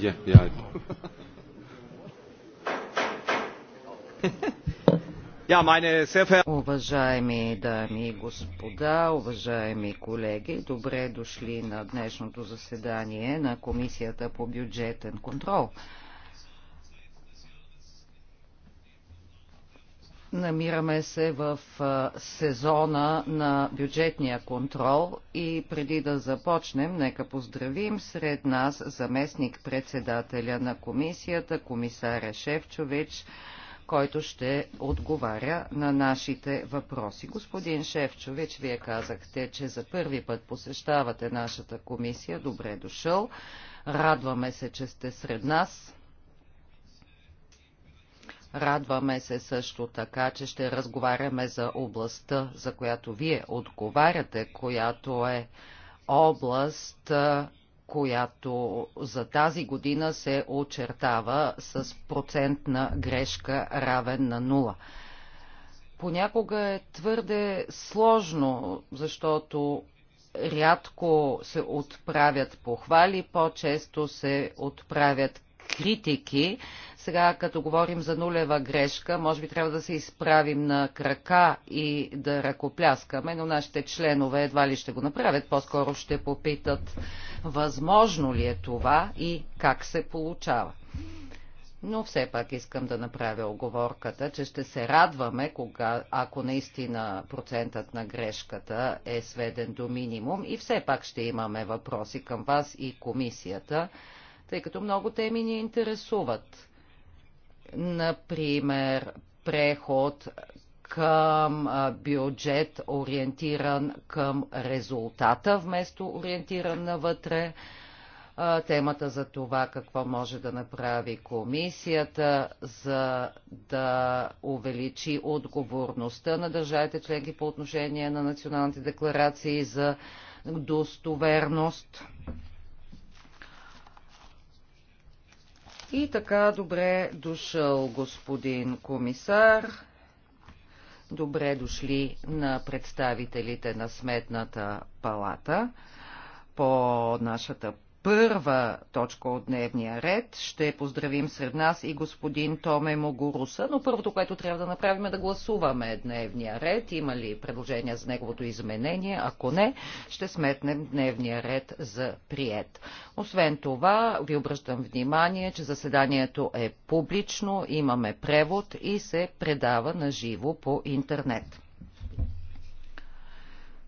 Yeah, yeah. Уважаеми дами и господа, уважаеми колеги, добре дошли на днешното заседание на Комисията по бюджетен контрол. Намираме се в сезона на бюджетния контрол и преди да започнем, нека поздравим сред нас заместник председателя на комисията, комисаря Шевчович, който ще отговаря на нашите въпроси. Господин Шевчович, вие казахте, че за първи път посещавате нашата комисия. Добре дошъл. Радваме се, че сте сред нас. Радваме се също така, че ще разговаряме за областта, за която вие отговаряте, която е област, която за тази година се очертава с процентна грешка равен на нула. Понякога е твърде сложно, защото рядко се отправят похвали, по-често се отправят критики, сега, като говорим за нулева грешка, може би трябва да се изправим на крака и да ръкопляскаме, но нашите членове едва ли ще го направят. По-скоро ще попитат възможно ли е това и как се получава. Но все пак искам да направя оговорката, че ще се радваме, кога, ако наистина процентът на грешката е сведен до минимум и все пак ще имаме въпроси към вас и комисията, тъй като много теми ни интересуват. Например, преход към бюджет, ориентиран към резултата, вместо ориентиран навътре. Темата за това какво може да направи комисията, за да увеличи отговорността на държавите членки по отношение на националните декларации за достоверност. И така, добре дошъл господин комисар. Добре дошли на представителите на Сметната палата по нашата първа точка от дневния ред. Ще поздравим сред нас и господин Томе Могоруса, но първото, което трябва да направим е да гласуваме дневния ред. Има ли предложения за неговото изменение? Ако не, ще сметнем дневния ред за прият. Освен това, ви обръщам внимание, че заседанието е публично, имаме превод и се предава на живо по интернет.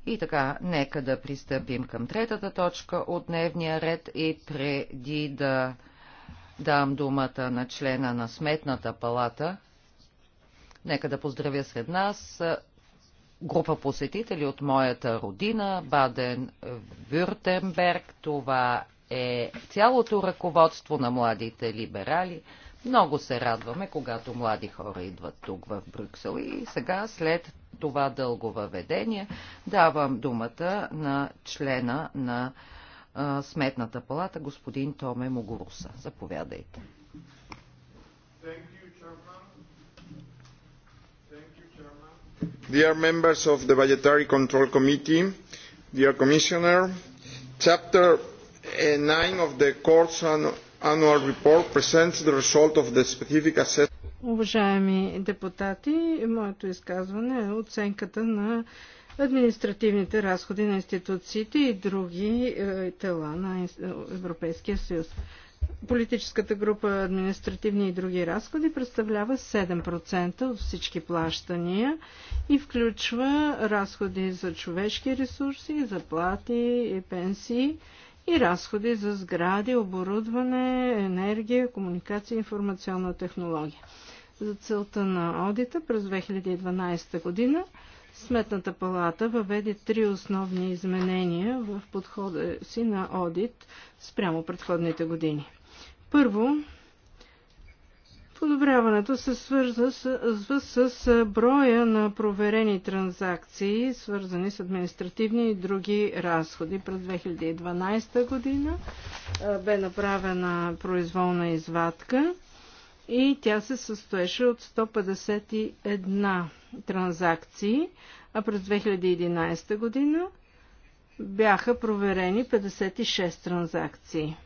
И така, нека да пристъпим към третата точка от дневния ред и преди да дам думата на члена на Сметната палата, нека да поздравя сред нас група посетители от моята родина, баден Вюртенберг. Това е цялото ръководство на младите либерали. Много се радваме, когато млади хора идват тук в Брюксел. И сега, след това дълго въведение, давам думата на члена на а, Сметната палата, господин Томе Могуруса. Заповядайте. Dear members of the Budgetary Control Committee, dear Commissioner, Chapter 9 of the Court's annual report presents the result of the specific assessment Уважаеми депутати, моето изказване е оценката на административните разходи на институциите и други е, тела на е, Европейския съюз. Политическата група административни и други разходи представлява 7% от всички плащания и включва разходи за човешки ресурси, заплати и пенсии и разходи за сгради, оборудване, енергия, комуникация и информационна технология. За целта на аудита през 2012 година Сметната палата въведе три основни изменения в подхода си на аудит спрямо предходните години. Първо, подобряването се свързва с, с, с броя на проверени транзакции, свързани с административни и други разходи. През 2012 година бе направена произволна извадка и тя се състоеше от 151 транзакции, а през 2011 година бяха проверени 56 транзакции.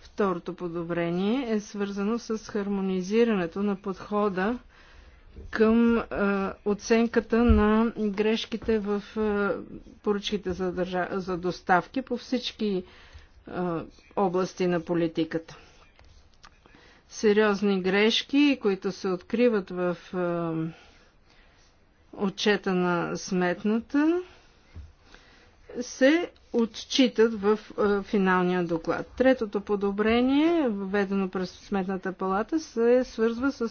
Второто подобрение е свързано с хармонизирането на подхода към е, оценката на грешките в е, поръчките за, държа... за доставки по всички е, области на политиката сериозни грешки, които се откриват в отчета на сметната, се отчитат в финалния доклад. Третото подобрение, введено през Сметната палата, се свързва с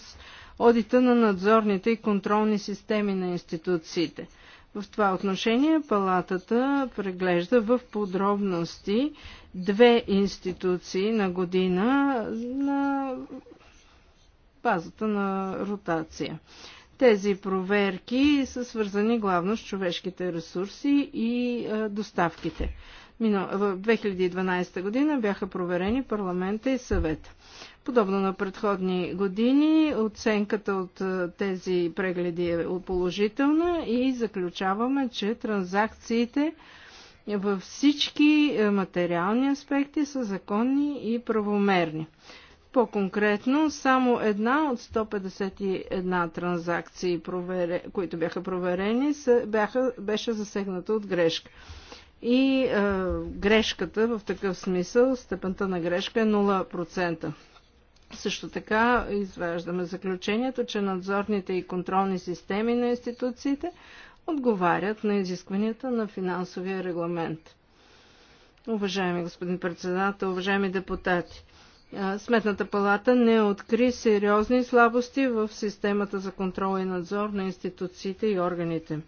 одита на надзорните и контролни системи на институциите. В това отношение палатата преглежда в подробности две институции на година на базата на ротация. Тези проверки са свързани главно с човешките ресурси и доставките. В 2012 година бяха проверени парламента и съвета. Подобно на предходни години, оценката от е, тези прегледи е положителна и заключаваме, че транзакциите във всички е, материални аспекти са законни и правомерни. По-конкретно, само една от 151 транзакции, които бяха проверени, беше засегната от грешка. И е, грешката в такъв смисъл, степента на грешка е 0%. Също така извеждаме заключението, че надзорните и контролни системи на институциите отговарят на изискванията на финансовия регламент. Уважаеми господин председател, уважаеми депутати, Сметната палата не откри сериозни слабости в системата за контрол и надзор на институциите и органите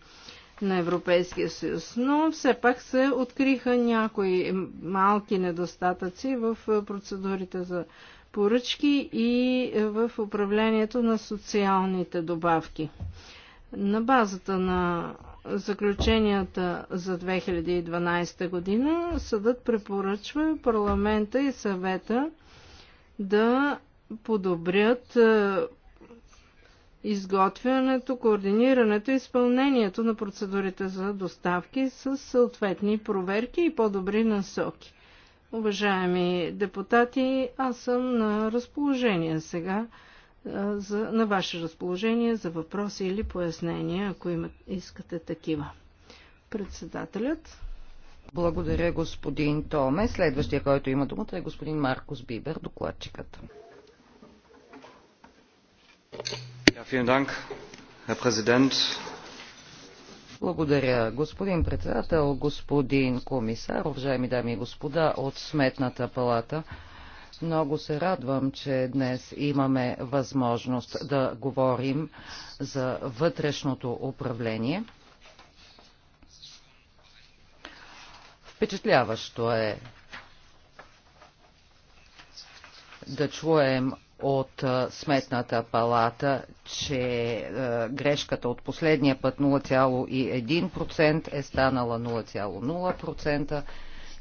на Европейския съюз, но все пак се откриха някои малки недостатъци в процедурите за поръчки и е, в управлението на социалните добавки. На базата на заключенията за 2012 година съдът препоръчва парламента и съвета да подобрят е, изготвянето, координирането и изпълнението на процедурите за доставки с съответни проверки и по-добри насоки. Уважаеми депутати, аз съм на разположение сега, за, на ваше разположение за въпроси или пояснения, ако имат, искате такива. Председателят. Благодаря, господин Томе. Следващия, който има думата, е господин Маркос Бибер, докладчикът. Ja, vielen Dank, Herr Präsident, благодаря, господин председател, господин комисар, уважаеми дами и господа от Сметната палата. Много се радвам, че днес имаме възможност да говорим за вътрешното управление. Впечатляващо е да чуем от Сметната палата, че грешката от последния път 0,1% е станала 0,0%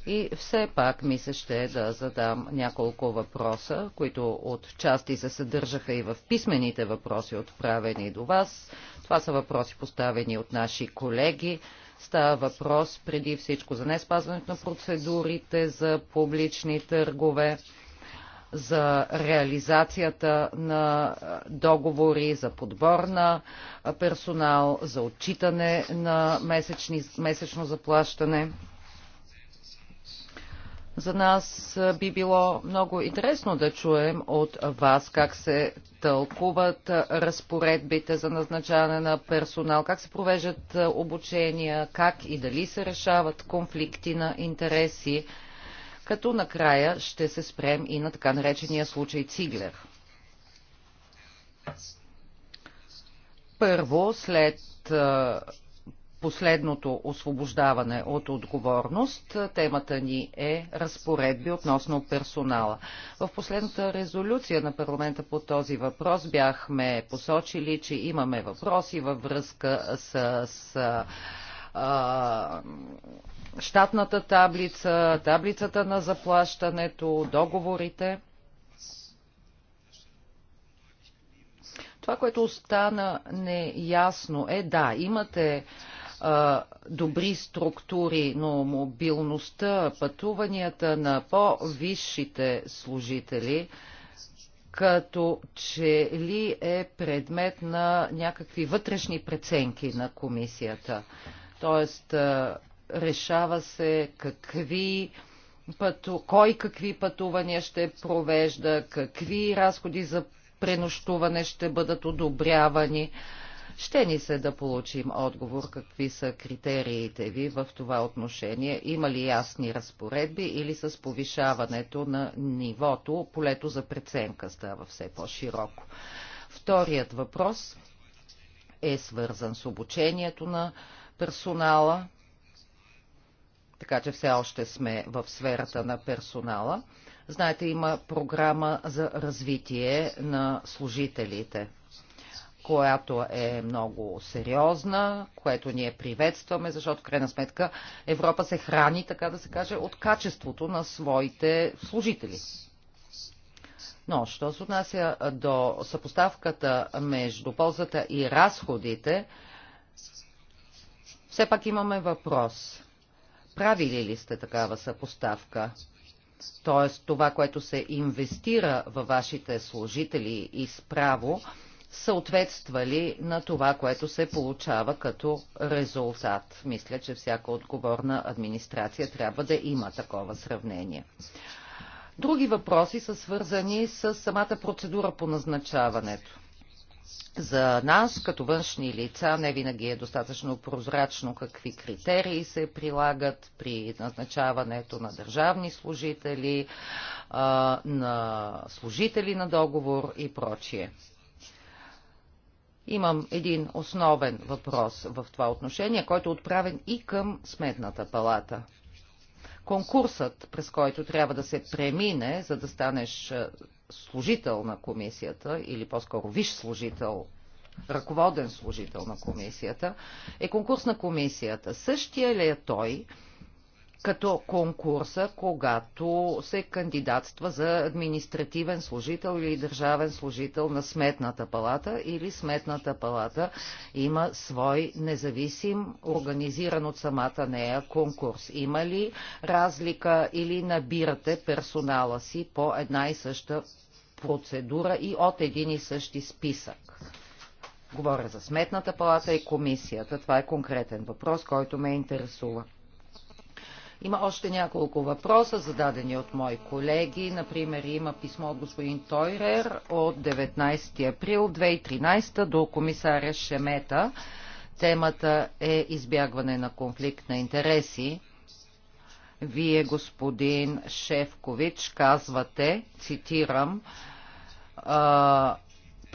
и все пак ми се ще е да задам няколко въпроса, които от части се съдържаха и в писмените въпроси, отправени до вас. Това са въпроси поставени от наши колеги. Става въпрос преди всичко за неспазването на процедурите за публични търгове за реализацията на договори, за подбор на персонал, за отчитане на месечни, месечно заплащане. За нас би било много интересно да чуем от вас как се тълкуват разпоредбите за назначаване на персонал, как се провеждат обучения, как и дали се решават конфликти на интереси като накрая ще се спрем и на така наречения случай Циглер. Първо, след последното освобождаване от отговорност, темата ни е разпоредби относно персонала. В последната резолюция на парламента по този въпрос бяхме посочили, че имаме въпроси във връзка с, с а, щатната таблица, таблицата на заплащането, договорите. Това, което остана неясно е, да, имате а, добри структури, но мобилността, пътуванията на по-висшите служители, като че ли е предмет на някакви вътрешни преценки на комисията. Тоест, решава се какви пъту, кой какви пътувания ще провежда, какви разходи за пренощуване ще бъдат одобрявани. Ще ни се да получим отговор какви са критериите ви в това отношение. Има ли ясни разпоредби или с повишаването на нивото, полето за преценка става все по-широко. Вторият въпрос е свързан с обучението на персонала, така че все още сме в сферата на персонала. Знаете, има програма за развитие на служителите, която е много сериозна, което ние приветстваме, защото в крайна сметка Европа се храни, така да се каже, от качеството на своите служители. Но, що се отнася до съпоставката между ползата и разходите, все пак имаме въпрос. Правили ли сте такава съпоставка? Тоест това, което се инвестира във вашите служители и справо, съответства ли на това, което се получава като резултат. Мисля, че всяка отговорна администрация трябва да има такова сравнение. Други въпроси са свързани с самата процедура по назначаването за нас, като външни лица, не винаги е достатъчно прозрачно какви критерии се прилагат при назначаването на държавни служители, на служители на договор и прочие. Имам един основен въпрос в това отношение, който е отправен и към Сметната палата – конкурсът, през който трябва да се премине, за да станеш е, служител на комисията или по-скоро виш служител ръководен служител на комисията, е конкурс на комисията. Същия ли е той като конкурса, когато се кандидатства за административен служител или държавен служител на Сметната палата или Сметната палата има свой независим, организиран от самата нея конкурс. Има ли разлика или набирате персонала си по една и съща процедура и от един и същи списък? Говоря за Сметната палата и комисията. Това е конкретен въпрос, който ме интересува. Има още няколко въпроса, зададени от мои колеги. Например, има писмо от господин Тойрер от 19 април 2013 до комисаря Шемета. Темата е избягване на конфликт на интереси. Вие, господин Шефкович, казвате, цитирам,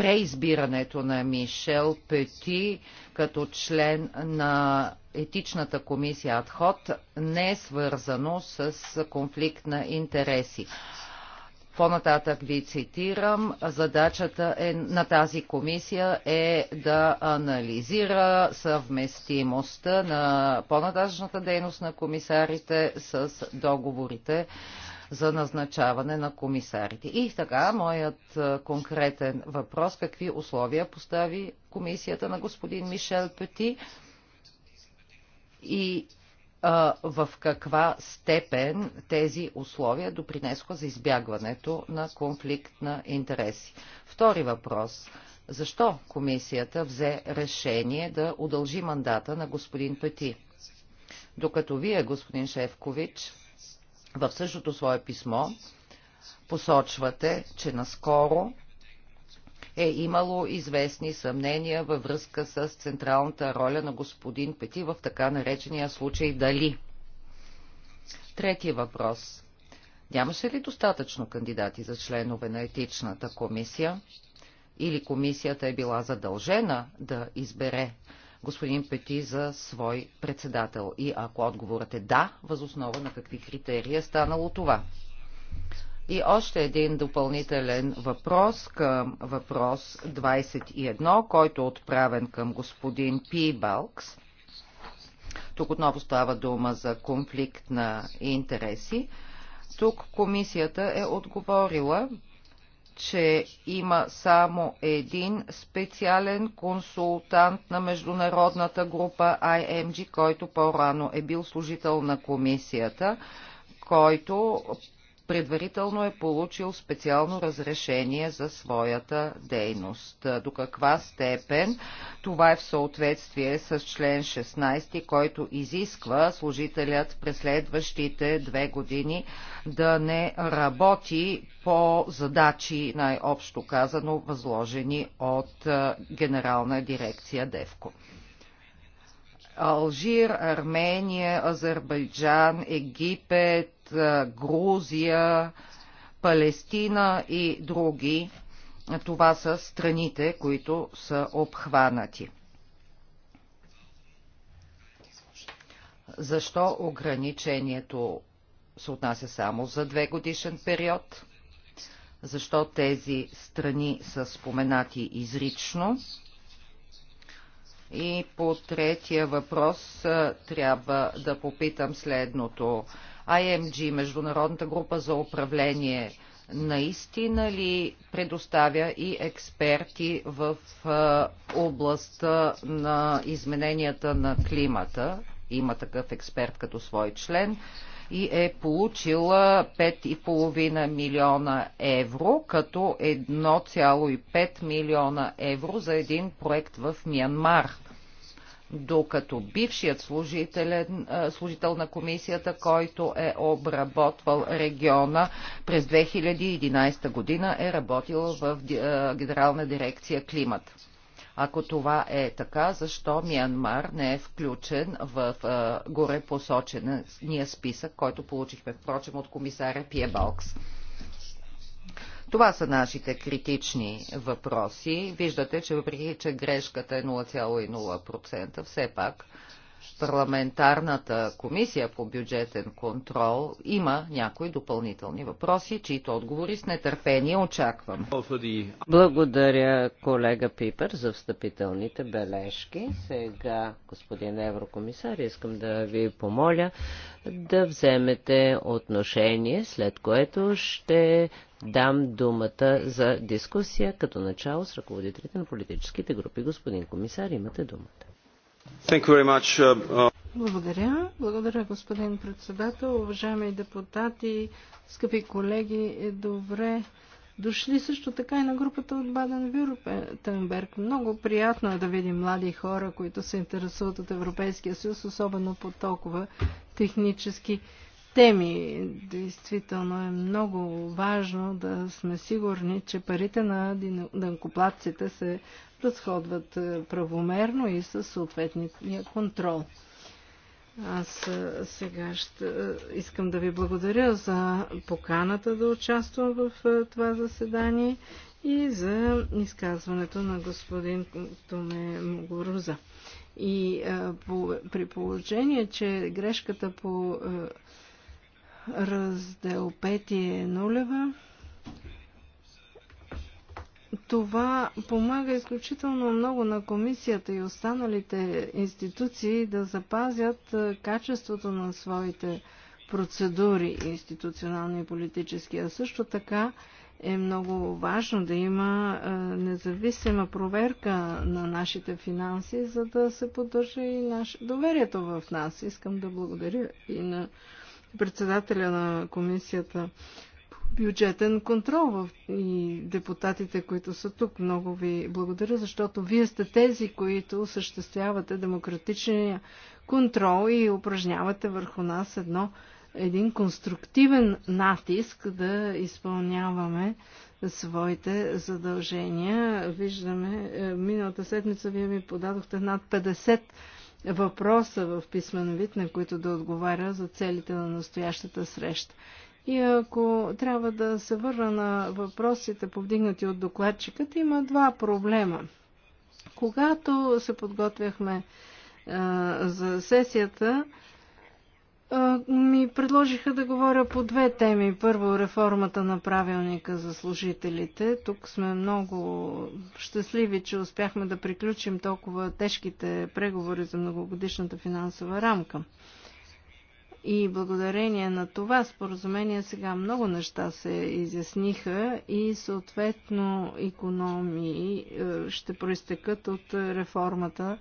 преизбирането на Мишел Пети като член на етичната комисия Адход не е свързано с конфликт на интереси. По-нататък ви цитирам, задачата е, на тази комисия е да анализира съвместимостта на по-нататъчната дейност на комисарите с договорите за назначаване на комисарите. И така, моят конкретен въпрос, какви условия постави комисията на господин Мишел Пети и в каква степен тези условия допринесоха за избягването на конфликт на интереси. Втори въпрос. Защо комисията взе решение да удължи мандата на господин Пети? Докато вие, господин Шевкович, в същото свое писмо посочвате, че наскоро е имало известни съмнения във връзка с централната роля на господин Пети в така наречения случай Дали. Трети въпрос. Нямаше ли достатъчно кандидати за членове на етичната комисия? Или комисията е била задължена да избере господин Пети за свой председател? И ако отговорът е да, възоснова на какви критерии е станало това? И още един допълнителен въпрос към въпрос 21, който е отправен към господин Пи Балкс. Тук отново става дума за конфликт на интереси. Тук комисията е отговорила, че има само един специален консултант на международната група IMG, който по-рано е бил служител на комисията, който предварително е получил специално разрешение за своята дейност. До каква степен това е в съответствие с член 16, който изисква служителят през следващите две години да не работи по задачи, най-общо казано, възложени от Генерална дирекция ДЕВКО. Алжир, Армения, Азербайджан, Египет, Грузия, Палестина и други. Това са страните, които са обхванати. Защо ограничението се отнася само за две годишен период? Защо тези страни са споменати изрично? И по третия въпрос трябва да попитам следното. IMG, Международната група за управление, наистина ли предоставя и експерти в областта на измененията на климата? Има такъв експерт като свой член и е получила 5,5 милиона евро, като 1,5 милиона евро за един проект в Миянмар докато бившият служител на комисията, който е обработвал региона през 2011 година, е работил в Генерална дирекция Климат. Ако това е така, защо Миянмар не е включен в горе посочения списък, който получихме, впрочем, от комисаря Пиебалкс? Балкс? Това са нашите критични въпроси. Виждате, че въпреки, че грешката е 0,0%, все пак парламентарната комисия по бюджетен контрол има някои допълнителни въпроси, чието отговори с нетърпение очаквам. Благодаря колега Пипер за встъпителните бележки. Сега, господин еврокомисар, искам да ви помоля да вземете отношение, след което ще дам думата за дискусия като начало с ръководителите на политическите групи. Господин комисар, имате думата. Uh, uh, Благодаря. Благодаря, господин председател. Уважаеми депутати, скъпи колеги, е добре дошли също така и на групата от Баден-Вюртенберг. Много приятно е да видим млади хора, които се интересуват от Европейския съюз, особено по толкова технически теми. Действително е много важно да сме сигурни, че парите на дънкоплатците се разходват е, правомерно и със съответния контрол. Аз е, сега ще, е, искам да ви благодаря за поканата да участвам в това заседание и за изказването на господин Томе Могоруза. И а, по, при положение, че грешката по а, Раздел 5 е нулева. Това помага изключително много на комисията и останалите институции да запазят качеството на своите процедури, институционални и политически, а също така е много важно да има независима проверка на нашите финанси, за да се поддържа и наше... доверието в нас. Искам да благодаря и на председателя на комисията по бюджетен контрол и депутатите, които са тук. Много ви благодаря, защото вие сте тези, които осъществявате демократичния контрол и упражнявате върху нас едно един конструктивен натиск да изпълняваме своите задължения. Виждаме, е, миналата седмица вие ми подадохте над 50 въпроса в писмен вид, на които да отговаря за целите на настоящата среща. И ако трябва да се върна на въпросите, повдигнати от докладчиката, има два проблема. Когато се подготвяхме а, за сесията, а, ми предложиха да говоря по две теми. Първо, реформата на правилника за служителите. Тук сме много щастливи, че успяхме да приключим толкова тежките преговори за многогодишната финансова рамка. И благодарение на това споразумение сега много неща се изясниха и съответно економии е, ще проистекат от реформата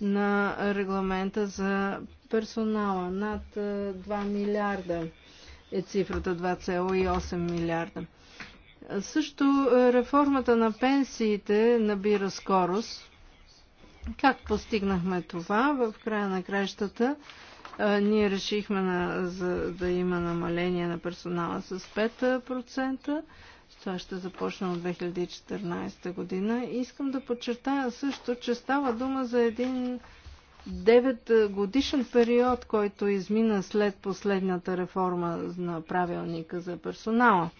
на регламента за персонала. Над 2 е, милиарда е цифрата, 2,8 милиарда. Също е, реформата на пенсиите набира скорост. Как постигнахме това? В края на кращата е, ние решихме на, за, да има намаление на персонала с 5%. Това ще започне от 2014 година. И искам да подчертая също, че става дума за един 9 годишен период, който измина след последната реформа на правилника за персонала.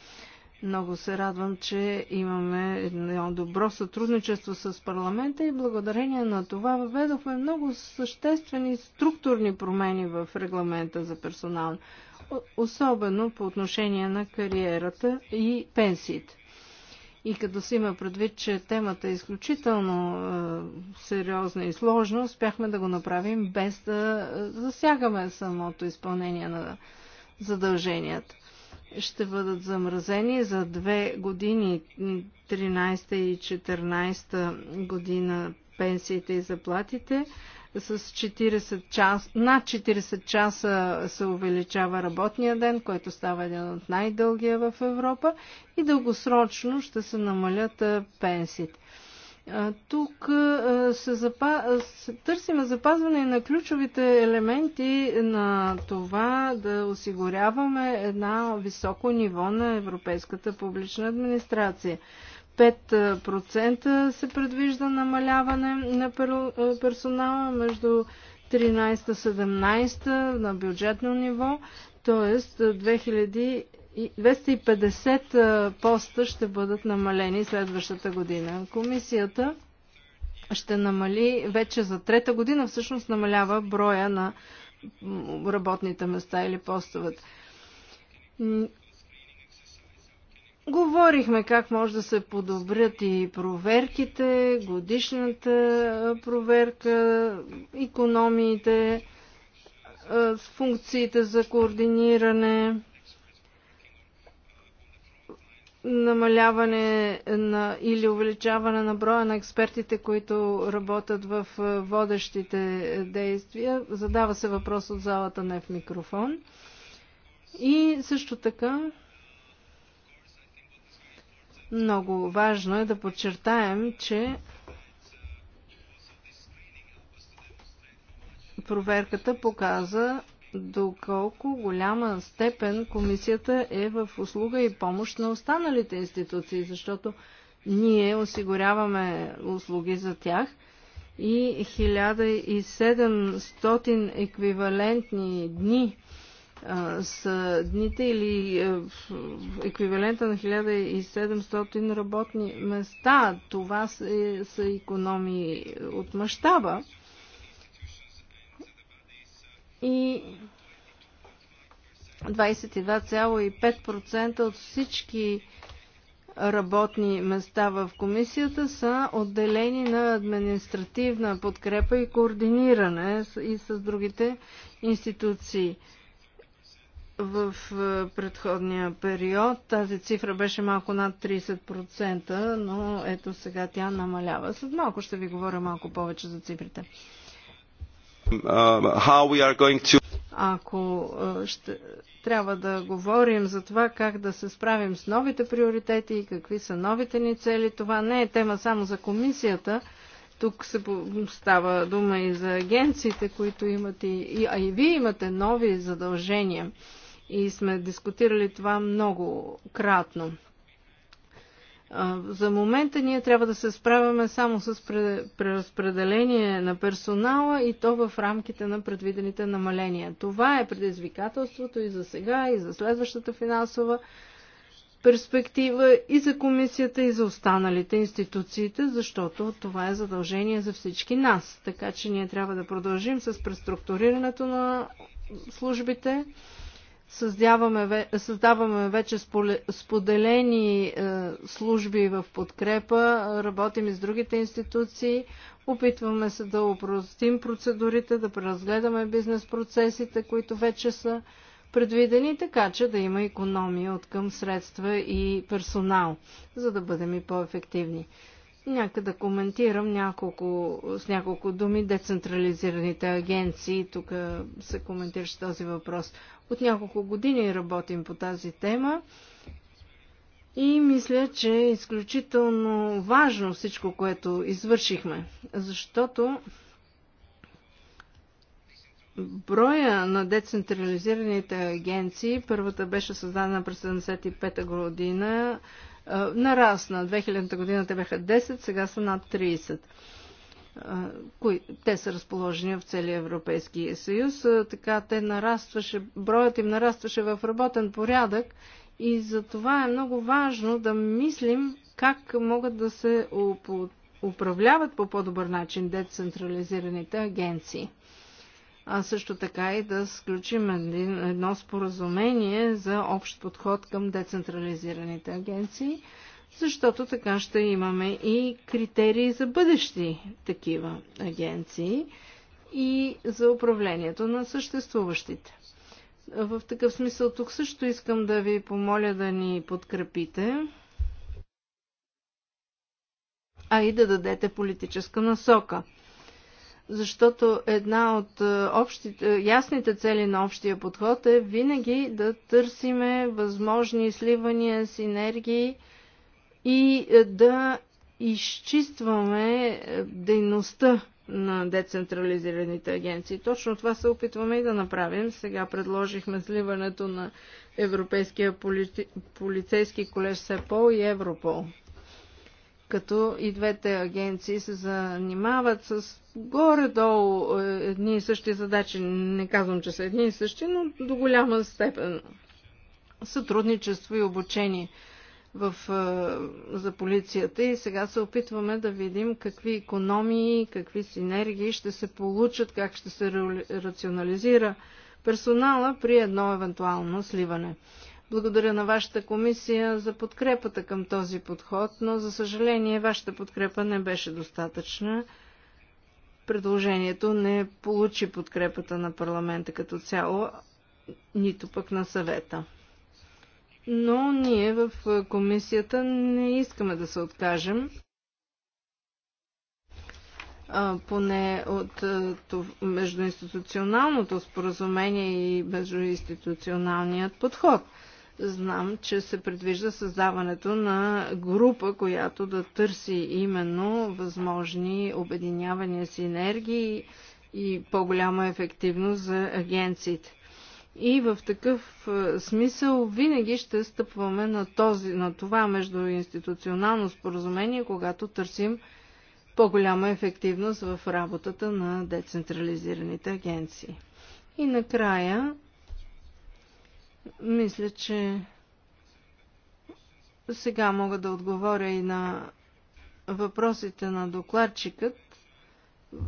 Много се радвам, че имаме едно добро сътрудничество с парламента и благодарение на това въведохме много съществени структурни промени в регламента за персонал, особено по отношение на кариерата и пенсиите. И като се има предвид, че темата е изключително е, сериозна и сложна, успяхме да го направим без да е, засягаме самото изпълнение на задълженията. Ще бъдат замразени за две години, 13 и 14 година пенсиите и заплатите, с 40 час, над 40 часа се увеличава работния ден, който става един от най-дългия в Европа и дългосрочно ще се намалят пенсиите. Тук се запа... търсим запазване на ключовите елементи на това да осигуряваме една високо ниво на европейската публична администрация. 5% се предвижда намаляване на персонала между 13-17 на бюджетно ниво, т.е. 250 поста ще бъдат намалени следващата година. Комисията ще намали вече за трета година, всъщност намалява броя на работните места или постовете. Говорихме как може да се подобрят и проверките, годишната проверка, економиите, функциите за координиране, намаляване на, или увеличаване на броя на експертите, които работят в водещите действия. Задава се въпрос от залата, не в микрофон. И също така много важно е да подчертаем, че проверката показа доколко голяма степен комисията е в услуга и помощ на останалите институции, защото ние осигуряваме услуги за тях и 1700 еквивалентни дни са дните или е, еквивалента на 1700 работни места. Това са, е, са економии от мащаба. И 22,5% от всички работни места в комисията са отделени на административна подкрепа и координиране и с другите институции в предходния период тази цифра беше малко над 30%, но ето сега тя намалява. След малко ще ви говоря малко повече за цифрите. Um, to... Ако ще, трябва да говорим за това как да се справим с новите приоритети и какви са новите ни цели, това не е тема само за комисията. Тук се става дума и за агенциите, които имат и, а и вие имате нови задължения и сме дискутирали това много кратно. За момента ние трябва да се справяме само с преразпределение на персонала и то в рамките на предвидените намаления. Това е предизвикателството и за сега, и за следващата финансова перспектива, и за комисията, и за останалите институциите, защото това е задължение за всички нас. Така че ние трябва да продължим с преструктурирането на службите Създаваме, създаваме вече споделени е, служби в подкрепа, работим и с другите институции, опитваме се да упростим процедурите, да преразгледаме бизнес процесите, които вече са предвидени, така че да има економия от към средства и персонал, за да бъдем и по-ефективни. Нека да коментирам няколко, с няколко думи децентрализираните агенции. Тук се коментираше този въпрос. От няколко години работим по тази тема и мисля, че е изключително важно всичко, което извършихме, защото броя на децентрализираните агенции, първата беше създадена през 75-та година, нарасна. 2000-та година те бяха 10, сега са над 30 кои, те са разположени в целия Европейски съюз. Така те нарастваше, броят им нарастваше в работен порядък и за това е много важно да мислим как могат да се управляват по по-добър начин децентрализираните агенции. А също така и да сключим едно споразумение за общ подход към децентрализираните агенции – защото така ще имаме и критерии за бъдещи такива агенции и за управлението на съществуващите. В такъв смисъл тук също искам да ви помоля да ни подкрепите, а и да дадете политическа насока. Защото една от е, общите, ясните цели на общия подход е винаги да търсиме възможни сливания, синергии, и е, да изчистваме е, дейността на децентрализираните агенции. Точно това се опитваме и да направим. Сега предложихме сливането на Европейския полици... полицейски колеж СЕПОЛ и Европол. Като и двете агенции се занимават с горе-долу е, едни и същи задачи. Не казвам, че са едни и същи, но до голяма степен сътрудничество и обучение – в, за полицията и сега се опитваме да видим какви економии, какви синергии ще се получат, как ще се рационализира персонала при едно евентуално сливане. Благодаря на вашата комисия за подкрепата към този подход, но за съжаление вашата подкрепа не беше достатъчна. Предложението не получи подкрепата на парламента като цяло, нито пък на съвета но ние в комисията не искаме да се откажем. Поне от междуинституционалното споразумение и междуинституционалният подход. Знам, че се предвижда създаването на група, която да търси именно възможни обединявания, синергии и по-голяма ефективност за агенциите. И в такъв е, смисъл винаги ще стъпваме на, този, на това междуинституционално споразумение, когато търсим по-голяма ефективност в работата на децентрализираните агенции. И накрая, мисля, че сега мога да отговоря и на въпросите на докладчикът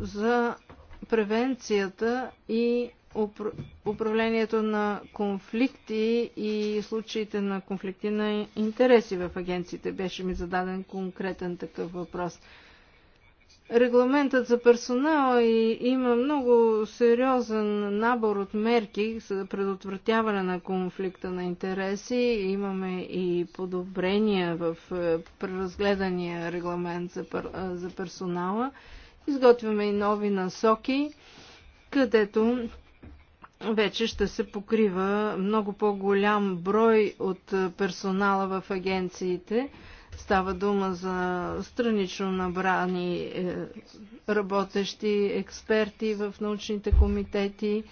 за превенцията и управлението на конфликти и случаите на конфликти на интереси в агенциите. Беше ми зададен конкретен такъв въпрос. Регламентът за персонала и има много сериозен набор от мерки за предотвратяване на конфликта на интереси. Имаме и подобрения в е, преразгледания регламент за, е, за персонала. Изготвяме и нови насоки, където вече ще се покрива много по-голям брой от персонала в агенциите. Става дума за странично набрани е, работещи експерти в научните комитети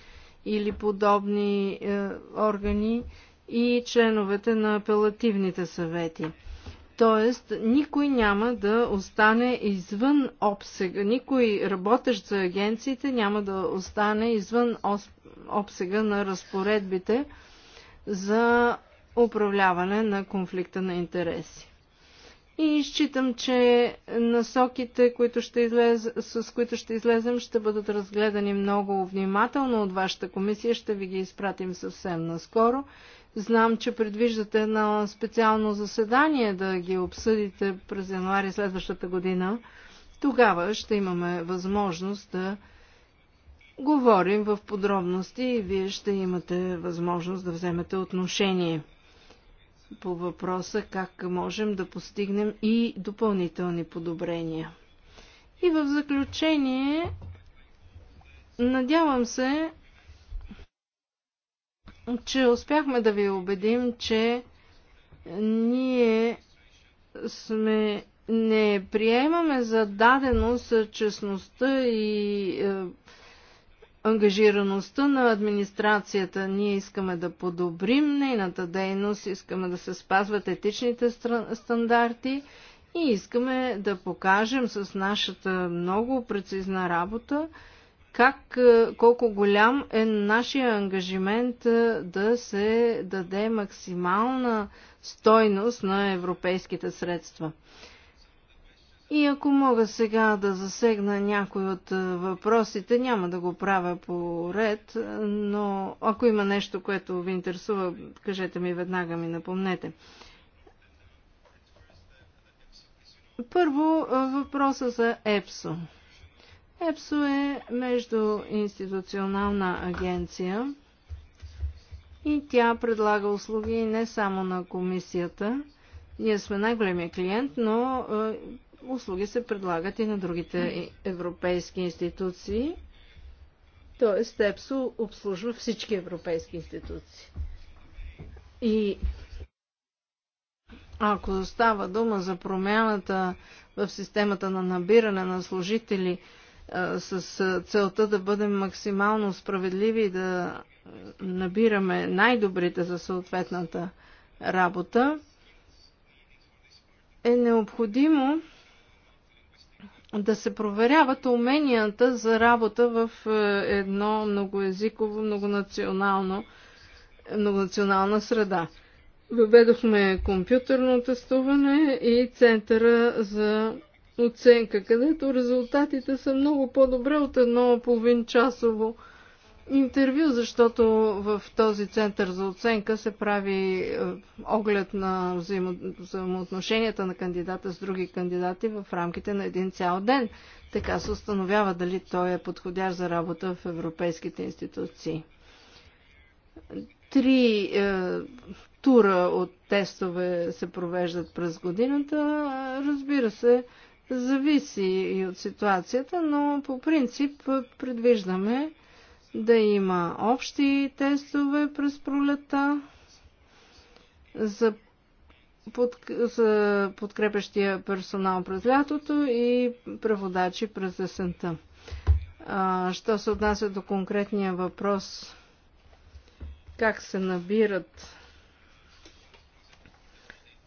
или подобни е, органи и членовете на апелативните съвети. Тоест, никой няма да остане извън обсега, никой работещ за агенциите няма да остане извън обсега на разпоредбите за управляване на конфликта на интереси. И считам, че насоките, които ще излез, с които ще излезем, ще бъдат разгледани много внимателно от вашата комисия. Ще ви ги изпратим съвсем наскоро Знам, че предвиждате на специално заседание да ги обсъдите през януари следващата година. Тогава ще имаме възможност да говорим в подробности и вие ще имате възможност да вземете отношение по въпроса как можем да постигнем и допълнителни подобрения. И в заключение, надявам се, че успяхме да ви убедим, че ние сме не приемаме за даденост честността и е, ангажираността на администрацията. Ние искаме да подобрим нейната дейност, искаме да се спазват етичните стандарти и искаме да покажем с нашата много прецизна работа, как, е, колко голям е нашия ангажимент е, да се даде максимална стойност на европейските средства. И ако мога сега да засегна някой от е, въпросите, няма да го правя по ред, но ако има нещо, което ви интересува, кажете ми веднага ми напомнете. Първо въпроса за ЕПСО. ЕПСО е междуинституционална агенция и тя предлага услуги не само на комисията. Ние сме най-големия клиент, но е, услуги се предлагат и на другите европейски институции. Тоест ЕПСО обслужва всички европейски институции. И ако става дума за промяната в системата на набиране на служители, с целта да бъдем максимално справедливи и да набираме най-добрите за съответната работа, е необходимо да се проверяват уменията за работа в е, едно многоязиково, многонационално, многонационална среда. Въведохме компютърно тестуване и центъра за оценка, където резултатите са много по-добре от едно половин часово интервю, защото в този център за оценка се прави е, оглед на взаимо... взаимоотношенията на кандидата с други кандидати в рамките на един цял ден. Така се установява дали той е подходящ за работа в европейските институции. Три е, тура от тестове се провеждат през годината. Разбира се, зависи и от ситуацията, но по принцип предвиждаме да има общи тестове през пролета за, под, за подкрепещия персонал през лятото и преводачи през есента. А, що се отнася до конкретния въпрос как се набират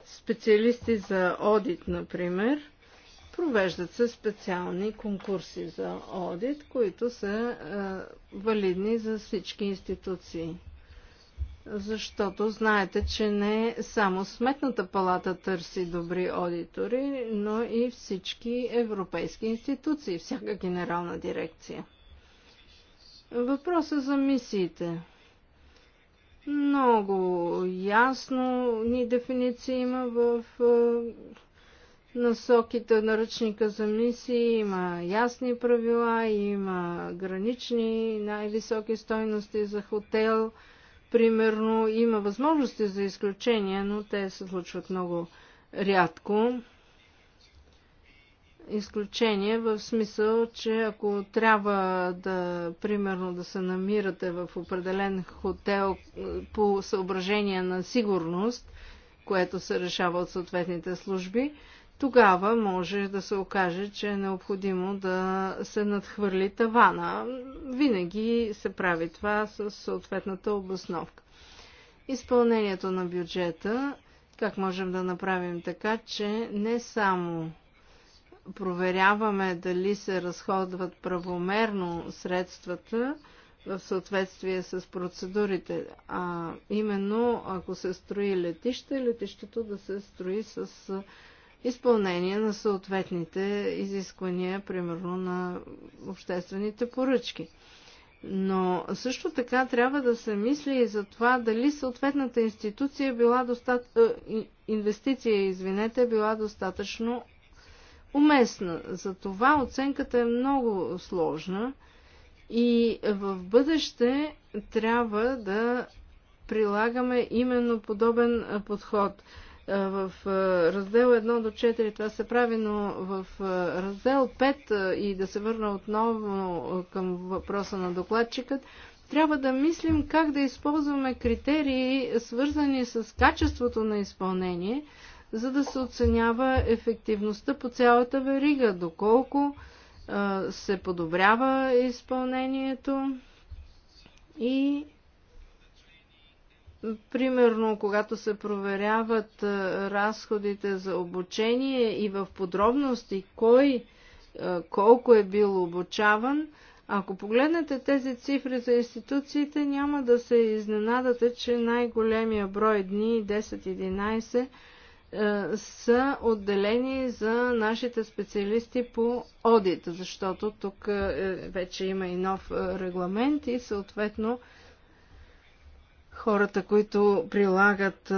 специалисти за одит, например – Провеждат се специални конкурси за одит, които са е, валидни за всички институции. Защото знаете, че не само Сметната палата търси добри аудитори, но и всички европейски институции, всяка генерална дирекция. Въпросът за мисиите. Много ясно ни дефиниции има в е, насоките, на ръчника за мисии, има ясни правила, има гранични най-високи стойности за хотел, примерно, има възможности за изключения, но те се случват много рядко. Изключение в смисъл, че ако трябва да, примерно, да се намирате в определен хотел е, по съображение на сигурност, което се решава от съответните служби, тогава може да се окаже, че е необходимо да се надхвърли тавана. Винаги се прави това с съответната обосновка. Изпълнението на бюджета, как можем да направим така, че не само проверяваме дали се разходват правомерно средствата в съответствие с процедурите, а именно ако се строи летище, летището да се строи с изпълнение на съответните изисквания, примерно на обществените поръчки. Но също така трябва да се мисли и за това дали съответната институция е била достат... Е, инвестиция, извинете, е била достатъчно уместна. За това оценката е много сложна и в бъдеще трябва да прилагаме именно подобен подход – в раздел 1 до 4 това се прави, но в раздел 5 и да се върна отново към въпроса на докладчикът, трябва да мислим как да използваме критерии, свързани с качеството на изпълнение, за да се оценява ефективността по цялата верига, доколко се подобрява изпълнението и Примерно, когато се проверяват разходите за обучение и в подробности кой колко е бил обучаван, ако погледнете тези цифри за институциите, няма да се изненадате, че най-големия брой дни 10-11 са отделени за нашите специалисти по одит, защото тук вече има и нов регламент и съответно хората, които прилагат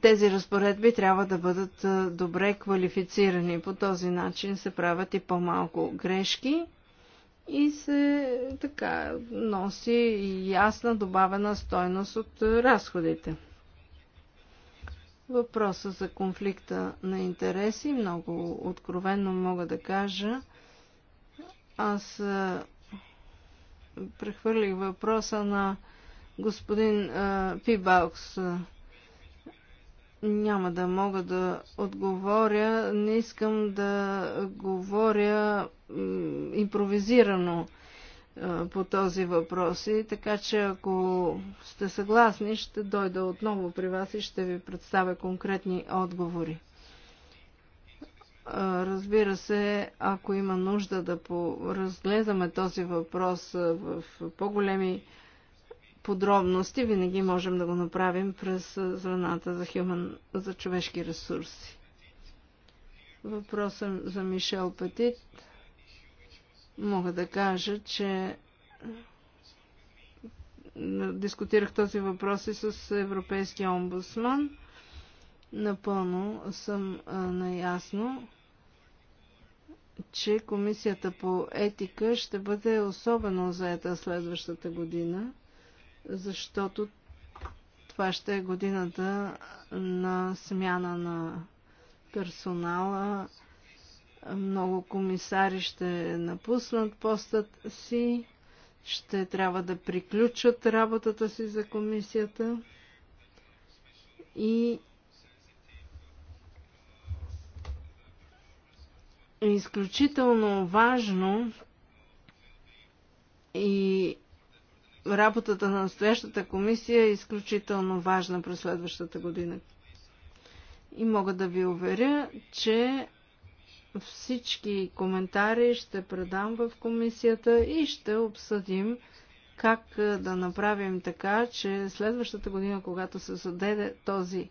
тези разпоредби, трябва да бъдат добре квалифицирани. По този начин се правят и по-малко грешки и се така носи ясна добавена стойност от разходите. Въпроса за конфликта на интереси, много откровенно мога да кажа. Аз прехвърлих въпроса на Господин Пибалкс, няма да мога да отговоря. Не искам да говоря импровизирано по този въпрос. И така че ако сте съгласни, ще дойда отново при вас и ще ви представя конкретни отговори. Разбира се, ако има нужда да разгледаме този въпрос в по-големи подробности винаги можем да го направим през звената за, human, за човешки ресурси. Въпросът за Мишел Петит мога да кажа, че дискутирах този въпрос и с Европейския омбудсман. Напълно съм наясно, че Комисията по етика ще бъде особено заета следващата година – защото това ще е годината на смяна на персонала. Много комисари ще напуснат постът си, ще трябва да приключат работата си за комисията и е изключително важно и работата на настоящата комисия е изключително важна през следващата година. И мога да ви уверя, че всички коментари ще предам в комисията и ще обсъдим как е, да направим така, че следващата година, когато се зададе този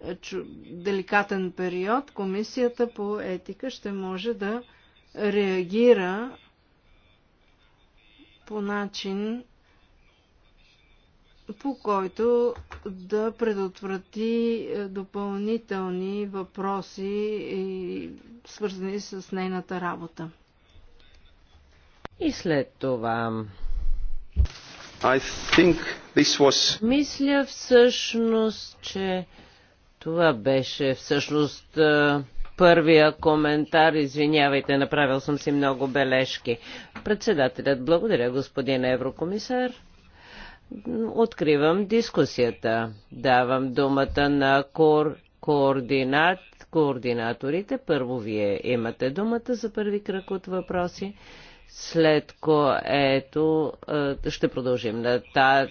е, деликатен период, комисията по етика ще може да реагира по начин, по който да предотврати е, допълнителни въпроси, свързани с нейната работа. И след това. I think this was... Мисля всъщност, че това беше всъщност е, първия коментар. Извинявайте, направил съм си много бележки. Председателят, благодаря, господин еврокомисар. Откривам дискусията. Давам думата на кор... координат... координаторите. Първо вие имате думата за първи кръг от въпроси след което е, ще продължим тата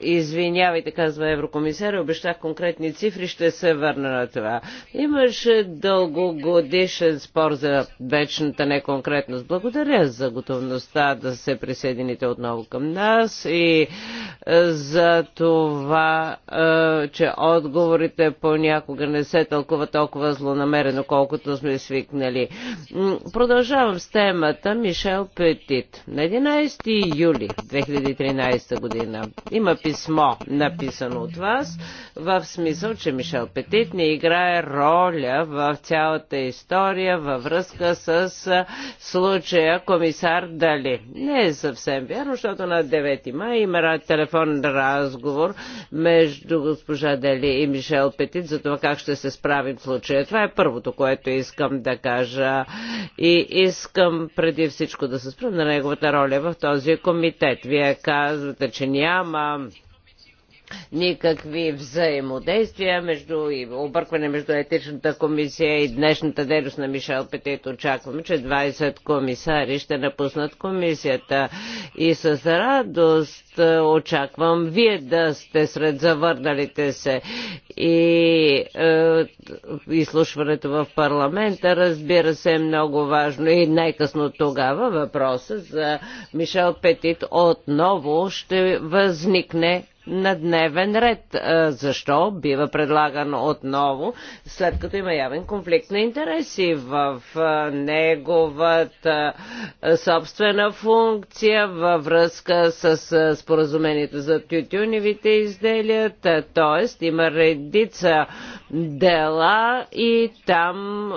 извинявайте, казва еврокомисар, обещах конкретни цифри, ще се върна на това. Имаше дългогодишен спор за вечната неконкретност. Благодаря за готовността да се присъедините отново към нас и е, за това, е, че отговорите понякога не се тълкува толкова злонамерено, колкото сме свикнали. Продължавам с темата Мишел Петит. На 11 юли 2013 година има писмо, написано от вас, в смисъл, че Мишел Петит не играе роля в цялата история във връзка с е, случая комисар Дали. Не е съвсем вярно, защото на 9 май има телефон телефон разговор между госпожа Дели и Мишел Петит за това как ще се справим в случая. Това е първото, което искам да кажа и искам преди всичко да се спрем на неговата роля в този комитет. Вие казвате, че няма никакви взаимодействия между и объркване между етичната комисия и днешната дейност на Мишел Петит. Очакваме, че 20 комисари ще напуснат комисията и с радост е, очаквам вие да сте сред завърналите се и е, изслушването в парламента разбира се е много важно и най-късно тогава въпроса за Мишел Петит отново ще възникне на дневен ред. Защо бива предлаган отново, след като има явен конфликт на интереси в неговата собствена функция във връзка с споразумението за тютюневите изделия, т.е. има редица дела и там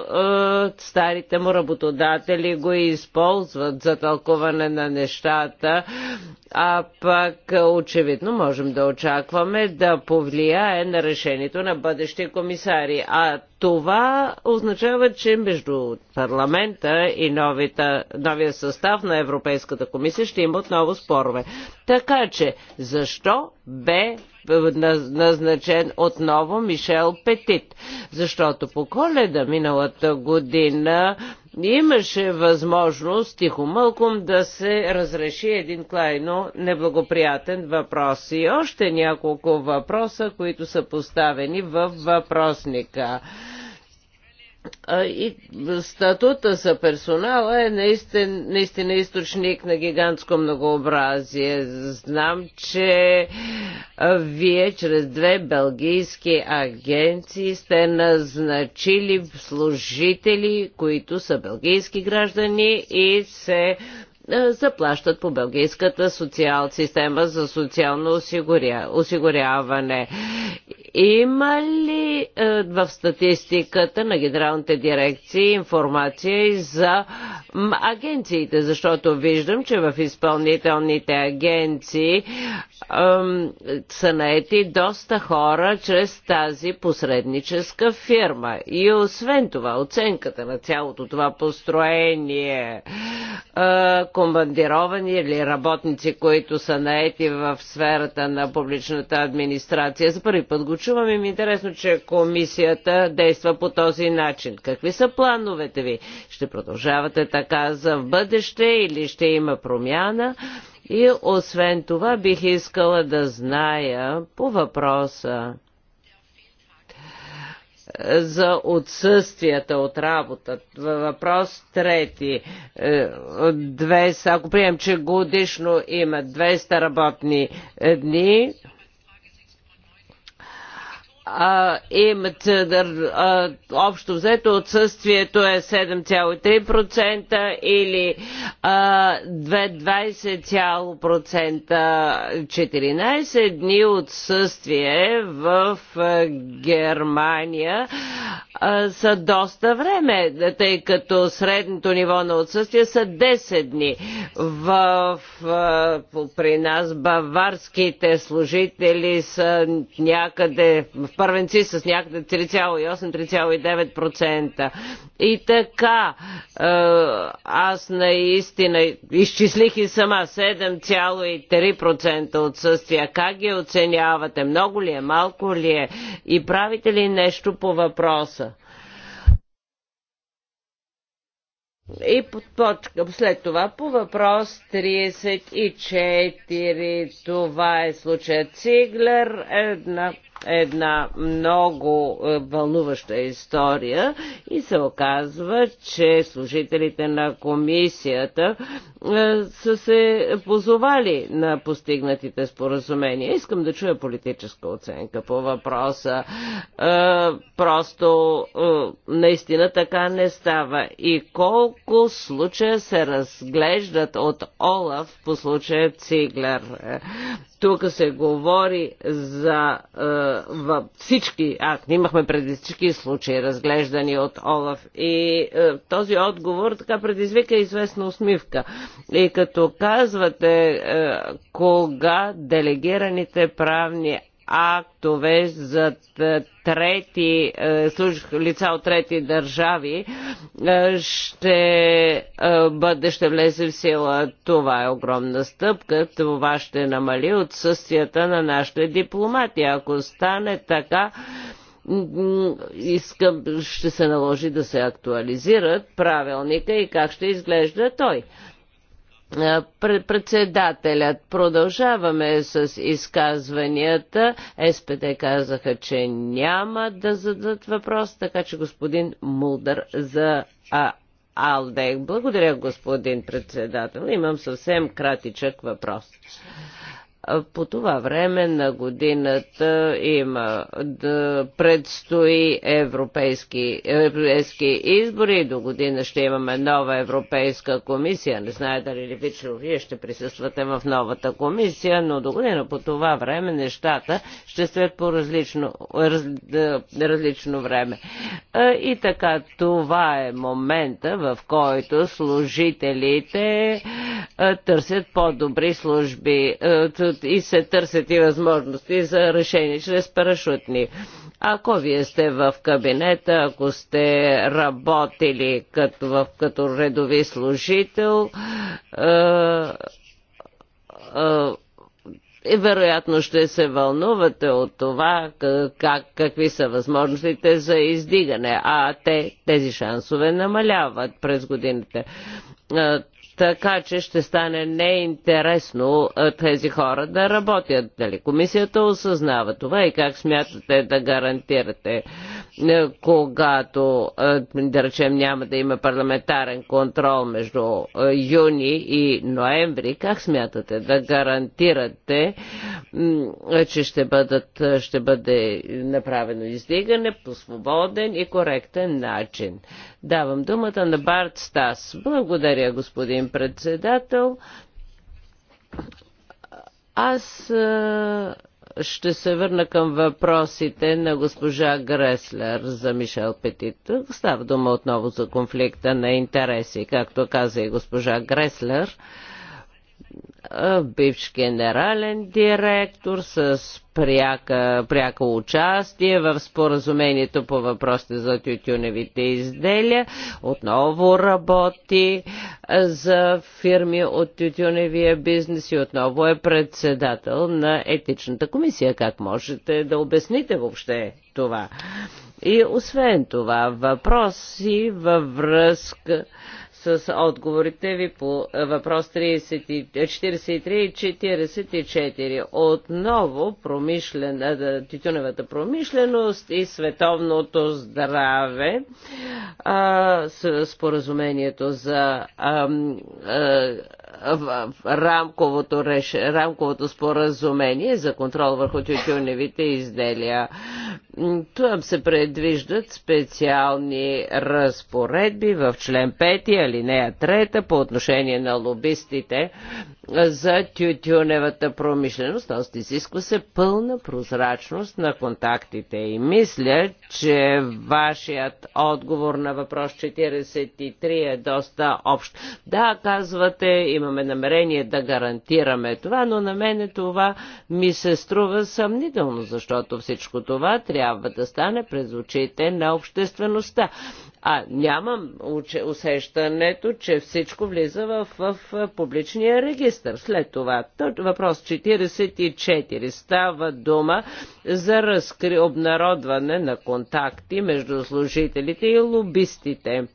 старите му работодатели го използват за тълкуване на нещата а пък очевидно можем да очакваме да повлияе на решението на бъдещи комисари. А това означава, че между парламента и новита, новия състав на Европейската комисия ще има отново спорове. Така че, защо бе назначен отново Мишел Петит? Защото по коледа миналата година Имаше възможност тихомълком да се разреши един клайно неблагоприятен въпрос и още няколко въпроса, които са поставени в въпросника и статута за персонала е наистина, наистина източник на гигантско многообразие. Знам, че вие чрез две белгийски агенции сте назначили служители, които са белгийски граждани и се е, заплащат по Белгийската социал, система за социално осигуряване. Има ли е, в статистиката на генералните дирекции информация и за агенциите? Защото виждам, че в изпълнителните агенции ем, са наети доста хора чрез тази посредническа фирма. И освен това, оценката на цялото това построение командировани или работници, които са наети в сферата на публичната администрация. За първи път го чувам и ми е интересно, че комисията действа по този начин. Какви са плановете ви? Ще продължавате така за в бъдеще или ще има промяна? И освен това бих искала да зная по въпроса за отсъствията от работа. Въпрос трети. 200, е, ако приемем, че годишно има 200 работни дни, и им общо взето отсъствието е 7,3% или 20,14 14 дни отсъствие в Германия са доста време, тъй като средното ниво на отсъствие са 10 дни. В, при нас баварските служители са някъде в първенци с някъде 3,8-3,9%. И така, е, аз наистина изчислих и сама 7,3% отсъствия. Как ги оценявате? Много ли е, малко ли е? И правите ли нещо по въпроса? И подпочка. след това по въпрос 34, това е случая Циглер, една една много е, вълнуваща история и се оказва, че служителите на комисията е, са се позовали на постигнатите споразумения. Искам да чуя политическа оценка по въпроса. Е, просто наистина така не става. И колко случая се разглеждат от Олаф по случая Циглер? Тук се говори за е, във всички акти. Имахме преди всички случаи, разглеждани от Олаф. И е, този отговор така предизвика известна усмивка. И като казвате, е, кога делегираните правни актове за трети, е, лица от трети държави е, ще е, бъде, ще влезе в сила. Това е огромна стъпка. Това ще намали отсъствията на нашите дипломати. Ако стане така, искам, ще се наложи да се актуализират правилника и как ще изглежда той. Председателят, продължаваме с изказванията. СПТ казаха, че няма да зададат въпрос, така че господин Мулдър за а, Алдек. Благодаря, господин председател. Имам съвсем кратичък въпрос. По това време на годината има да предстои европейски, европейски избори. До година ще имаме нова Европейска комисия. Не знае дали Левичло вие ще присъствате в новата комисия, но до година по това време нещата ще стоят по различно, раз, различно време. И така, това е момента, в който служителите е, търсят по-добри служби е, и се търсят и възможности за решение чрез парашутни. Ако вие сте в кабинета, ако сте работили като, в, като редови служител, е, е, вероятно ще се вълнувате от това как, какви са възможностите за издигане, а те тези шансове намаляват през годините е, така че ще стане неинтересно е, тези хора да работят. Дали комисията осъзнава това и как смятате да гарантирате? Е, когато, е, да речем, няма да има парламентарен контрол между е, юни и ноември, как смятате да гарантирате, че ще, бъдат, ще бъде направено издигане по свободен и коректен начин? Давам думата на Барт Стас. Благодаря, господин председател. Аз ще се върна към въпросите на госпожа Греслер за Мишел Петит. Става дума отново за конфликта на интереси. Както каза и госпожа Греслер, бивш генерален директор с пряка, пряко участие в споразумението по въпросите за тютюневите изделия. Отново работи за фирми от тютюневия бизнес и отново е председател на етичната комисия. Как можете да обясните въобще това? И освен това, въпроси във връзка с отговорите ви по въпрос 43 и 44. Отново промишлен, тютюневата промишленост и световното здраве. А, с, споразумението за а, а, рамковото, реш... рамковото споразумение за контрол върху тютюневите изделия. Тук се предвиждат специални разпоредби в член 5 или алинея трета по отношение на лобистите за тютюневата промишленост, т.е. изисква се пълна прозрачност на контактите. И мисля, че вашият отговор на въпрос 43 е доста общ. Да, казвате, имаме намерение да гарантираме това, но на мене това ми се струва съмнително, защото всичко това трябва да стане през очите на обществеността. А нямам усещането, че всичко влиза в, в публичния регистр. След това, въпрос 44 става дума за разкри обнародване на контакти между служителите и лобистите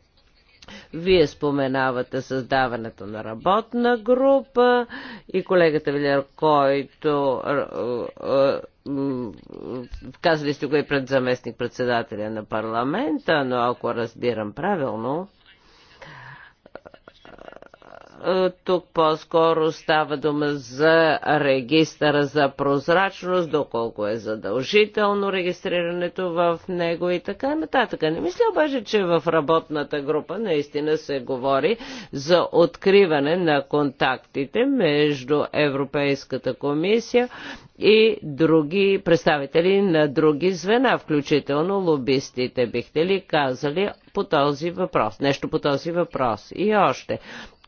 вие споменавате създаването на работна група и колегата Вилер, който казали сте го и пред заместник председателя на парламента, но ако разбирам правилно, е, тук по-скоро става дума за регистъра за прозрачност, доколко е задължително регистрирането в него и така нататък. Не мисля обаче, че в работната група наистина се говори за откриване на контактите между Европейската комисия и други представители на други звена, включително лобистите. Бихте ли казали по този въпрос? Нещо по този въпрос. И още.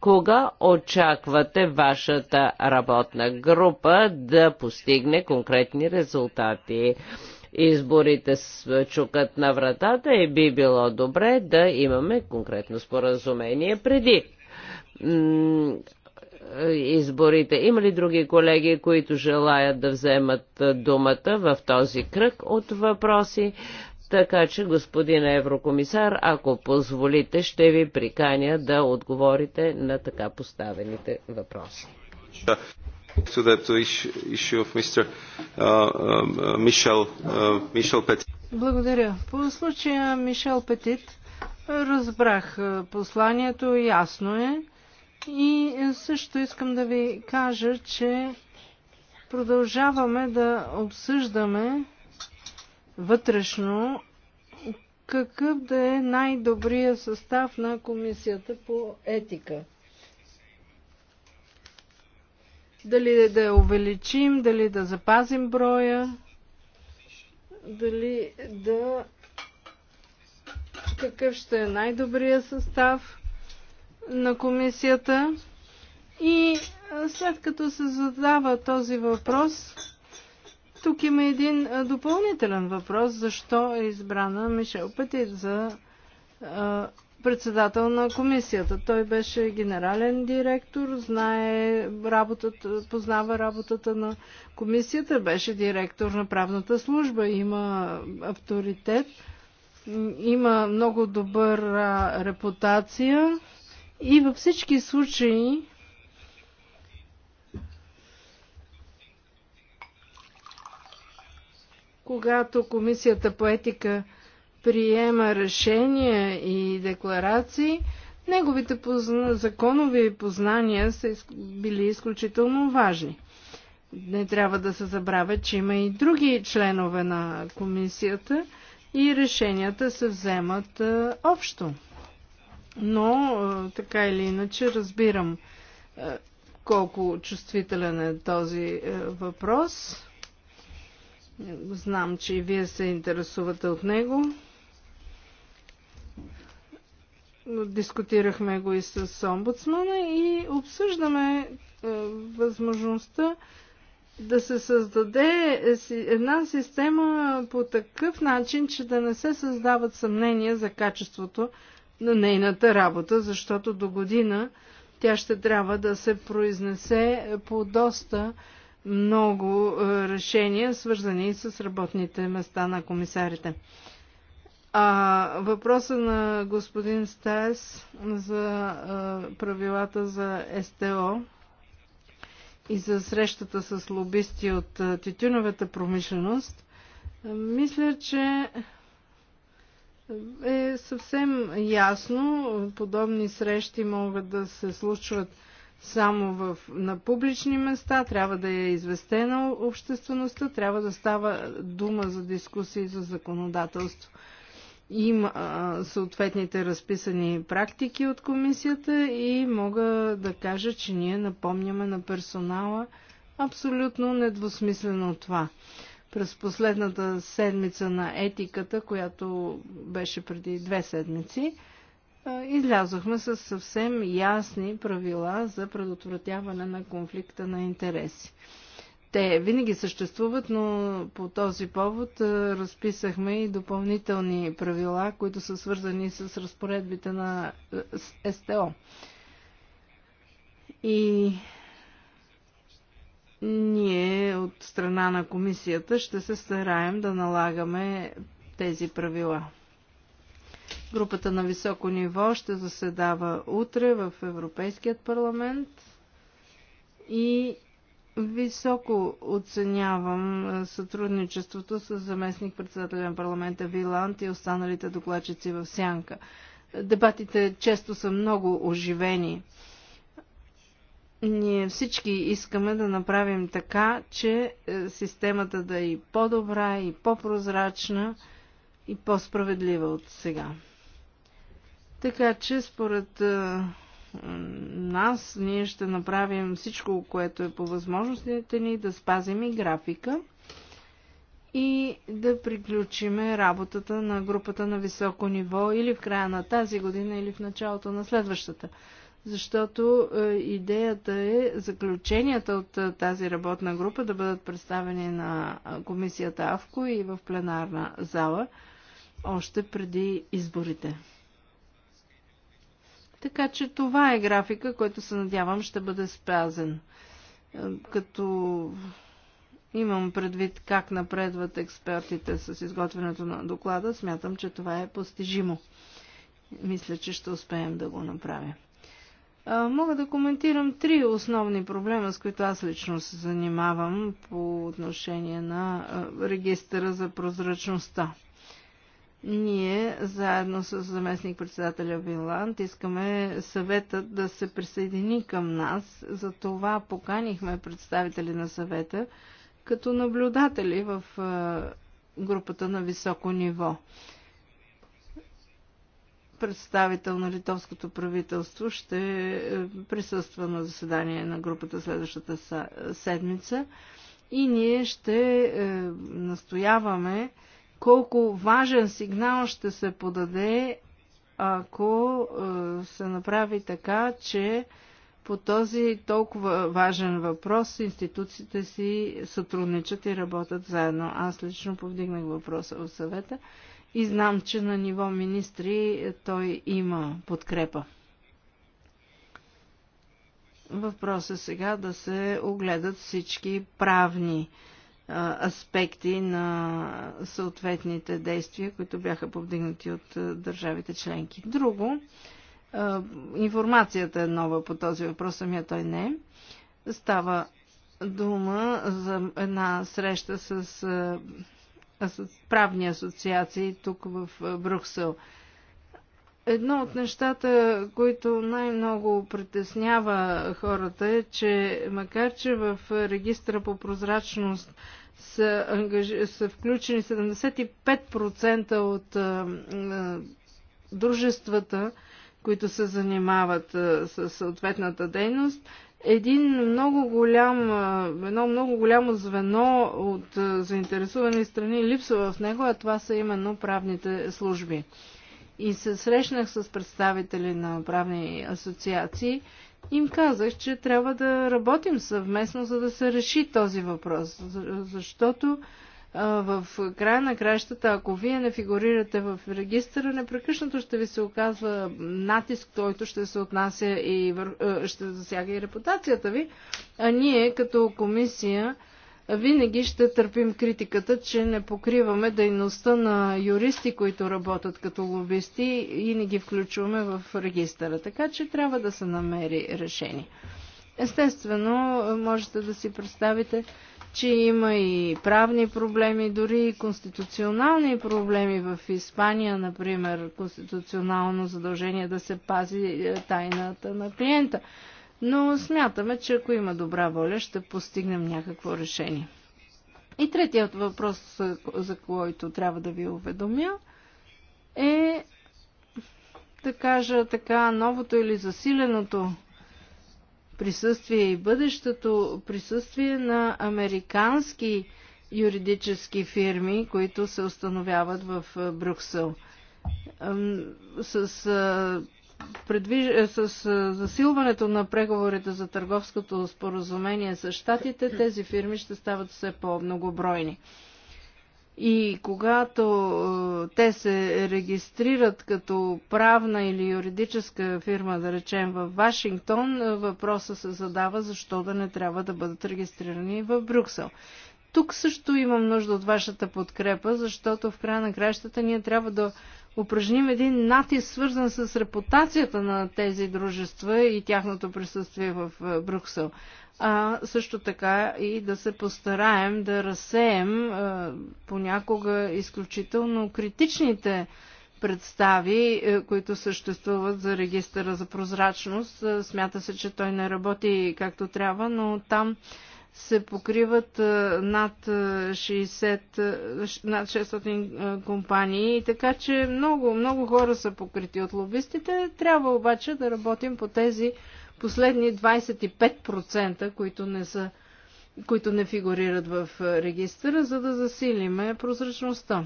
Кога очаквате вашата работна група да постигне конкретни резултати? изборите чукат на вратата и би било добре да имаме конкретно споразумение преди изборите. Има ли други колеги, които желаят да вземат думата в този кръг от въпроси? Така че, господин еврокомисар, ако позволите, ще ви приканя да отговорите на така поставените въпроси. Благодаря. По случая Мишел Петит разбрах е, посланието, ясно е. И е, също искам да ви кажа, че продължаваме да обсъждаме вътрешно какъв да е най-добрият състав на комисията по етика. Дали да я увеличим, дали да запазим броя, дали да какъв ще е най-добрият състав на комисията. И след като се задава този въпрос, тук има един допълнителен въпрос. Защо е избрана Мишел Петит за председател на комисията. Той беше генерален директор, знае работата, познава работата на комисията, беше директор на правната служба, има авторитет, има много добър репутация и във всички случаи когато Комисията по етика приема решения и декларации, неговите позна... законови познания са из... били изключително важни. Не трябва да се забравя, че има и други членове на комисията и решенията се вземат а, общо. Но, а, така или иначе, разбирам а, колко чувствителен е този а, въпрос Знам, че и вие се интересувате от него. Дискутирахме го и с омбудсмана и обсъждаме е, възможността да се създаде една система по такъв начин, че да не се създават съмнения за качеството на нейната работа, защото до година тя ще трябва да се произнесе по доста много е, решения, свързани с работните места на комисарите. А въпроса на господин Стаес за е, правилата за СТО и за срещата с лобисти от е, тютюновата промишленост, мисля, че е съвсем ясно. Подобни срещи могат да се случват само в, на публични места, трябва да е известена обществеността, трябва да става дума за дискусии за законодателство. Има съответните разписани практики от комисията и мога да кажа, че ние напомняме на персонала абсолютно недвусмислено това. През последната седмица на етиката, която беше преди две седмици, излязохме с съвсем ясни правила за предотвратяване на конфликта на интереси. Те винаги съществуват, но по този повод разписахме и допълнителни правила, които са свързани с разпоредбите на СТО. И ние от страна на комисията ще се стараем да налагаме тези правила. Групата на високо ниво ще заседава утре в Европейският парламент и високо оценявам сътрудничеството с заместник председателя на парламента Виланд и останалите докладчици в Сянка. Дебатите често са много оживени. Ние всички искаме да направим така, че е, системата да е и по-добра, и по-прозрачна, и по-справедлива от сега. Така че според нас ние ще направим всичко, което е по възможностите ни, да спазим и графика и да приключиме работата на групата на високо ниво или в края на тази година, или в началото на следващата. Защото идеята е заключенията от тази работна група да бъдат представени на комисията АВКО и в пленарна зала още преди изборите. Така че това е графика, който се надявам ще бъде спазен. Е, като имам предвид как напредват експертите с изготвянето на доклада, смятам, че това е постижимо. Мисля, че ще успеем да го направя. Е, мога да коментирам три основни проблема, с които аз лично се занимавам по отношение на е, регистъра за прозрачността. Ние, заедно с заместник председателя Винланд, искаме съветът да се присъедини към нас. За това поканихме представители на съвета като наблюдатели в групата на високо ниво представител на литовското правителство ще е, присъства на заседание на групата следващата седмица и ние ще е, настояваме колко важен сигнал ще се подаде, ако е, се направи така, че по този толкова важен въпрос институциите си сътрудничат и работят заедно. Аз лично повдигнах въпроса в съвета и знам, че на ниво министри той има подкрепа. Въпросът е сега да се огледат всички правни аспекти на съответните действия, които бяха повдигнати от държавите членки. Друго, информацията е нова по този въпрос, самия той не. Е. Става дума за една среща с правни асоциации тук в Брюксел. Едно от нещата, които най-много притеснява хората е, че макар че в регистра по прозрачност са, ангаж... са включени 75% от а, а, дружествата, които се занимават с съответната дейност. Един много голям, едно много голямо звено от а, заинтересувани страни липсва в него, а това са именно правните служби и се срещнах с представители на правни асоциации, им казах, че трябва да работим съвместно, за да се реши този въпрос. Защото в края на кращата, ако вие не фигурирате в регистъра, непрекъснато ще ви се оказва натиск, който ще се отнася и ще засяга и репутацията ви. А ние като комисия винаги ще търпим критиката, че не покриваме дейността на юристи, които работят като лобисти и не ги включваме в регистъра. Така че трябва да се намери решение. Естествено, можете да си представите, че има и правни проблеми, дори и конституционални проблеми в Испания, например, конституционално задължение да се пази е, тайната на клиента но смятаме, че ако има добра воля, ще постигнем някакво решение. И третият въпрос, за който трябва да ви уведомя, е да кажа така, новото или засиленото присъствие и бъдещето присъствие на американски юридически фирми, които се установяват в Брюксел. С предвиж... Е, с е, засилването на преговорите за търговското споразумение с щатите, тези фирми ще стават все по-многобройни. И когато е, те се регистрират като правна или юридическа фирма, да речем в Вашингтон, въпросът се задава защо да не трябва да бъдат регистрирани в Брюксел. Тук също имам нужда от вашата подкрепа, защото в края на кращата ние трябва да упражним един натиск, свързан с репутацията на тези дружества и тяхното присъствие в е, Брюксел. А също така и да се постараем да разсеем е, понякога изключително критичните представи, е, които съществуват за регистъра за прозрачност. Смята се, че той не работи както трябва, но там се покриват над 60, над 600 компании, така че много, много хора са покрити от лобистите. Трябва обаче да работим по тези последни 25%, които не са които не фигурират в регистъра, за да засилиме прозрачността.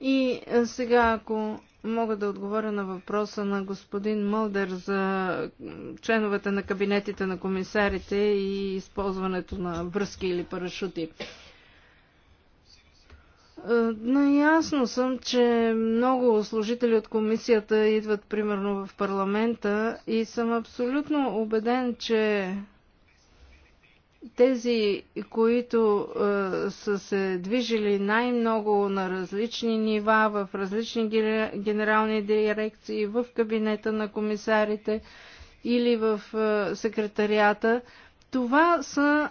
И сега, ако мога да отговоря на въпроса на господин Мълдер за членовете на кабинетите на комисарите и използването на връзки или парашути. Е, наясно съм, че много служители от комисията идват примерно в парламента и съм абсолютно убеден, че тези, които е, са се движили най-много на различни нива, в различни генерални дирекции, в кабинета на комисарите или в е, секретарията, това са